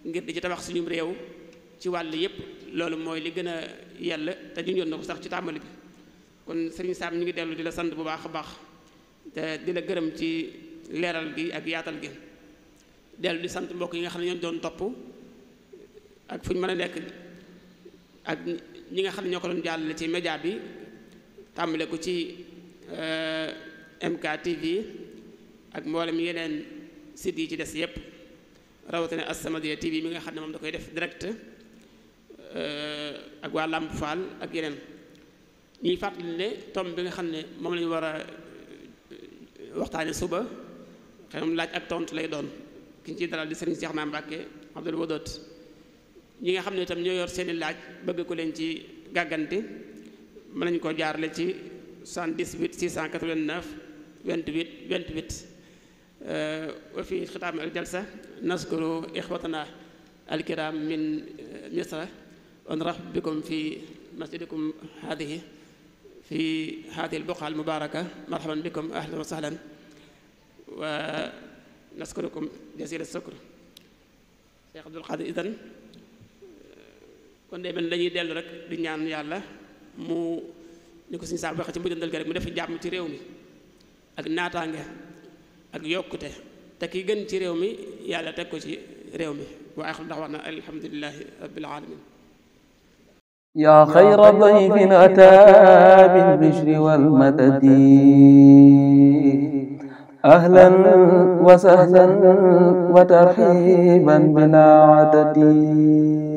A: ngir di ci tabax suñu réew ci wàll yépp loolu mooy li gën a yell te junjoon na ko sax ci tàmbali bi kon Serigne Sam ñu ngi dellu di la sant bu baax a baax te di la gërëm ci leeral gi ak yaatal gi dellu di sant mbokk yi nga xam ne ñoo doon topp ak fu mën a nekk ak ñi nga xam ne ñoo ko doon jàllale ci média bi tàmbale ko ci euh, MKTV ak mboole mi yeneen site yi ci des yépp rawatina As-Samadiyya TV mi nga xam ne moom da koy def direct euh, ak waa Lamp Fall ak yeneen ñuy fàttali ne tom bi nga xam ne moom la ñu war a euh, waxtaane suba xelam laaj ak tontu lay doon ki ñu ciy dalal di Serigne Cheikh Naa Mbacke Abdoul Wadoot ñi nga xam ne itam ñoo yor seeni laaj bëgg ko leen ci gàggante mën nañu ko jaarale ci 78 689 28 28 euh, wa fi xitaam al jalsa naskuru ixwatana alkiram min euh, misra wa nrahab bikum fi masjidikum hadihi fi hadihi albuqa almubaraka marhaban bikum ahlan wa sahlan wa naskurukum jasira sukr Cheikh Abdul Qadir idan kon day mel ni dañuy dellu rek di ñaan yàlla mu ni ko suñu saa waxee ci mujjantal ga rek mu def jàmm ci réew mi ak naataange ak yokkute te ki gën ci réew mi yàlla teg ko ci réew mi wa axiru daxwaana alhamdulilahi rabbil alamin yaa xayra dayfin ataa bil bishri wal madadi ahlan wa sahlan wa tarxiiban bilaa adadi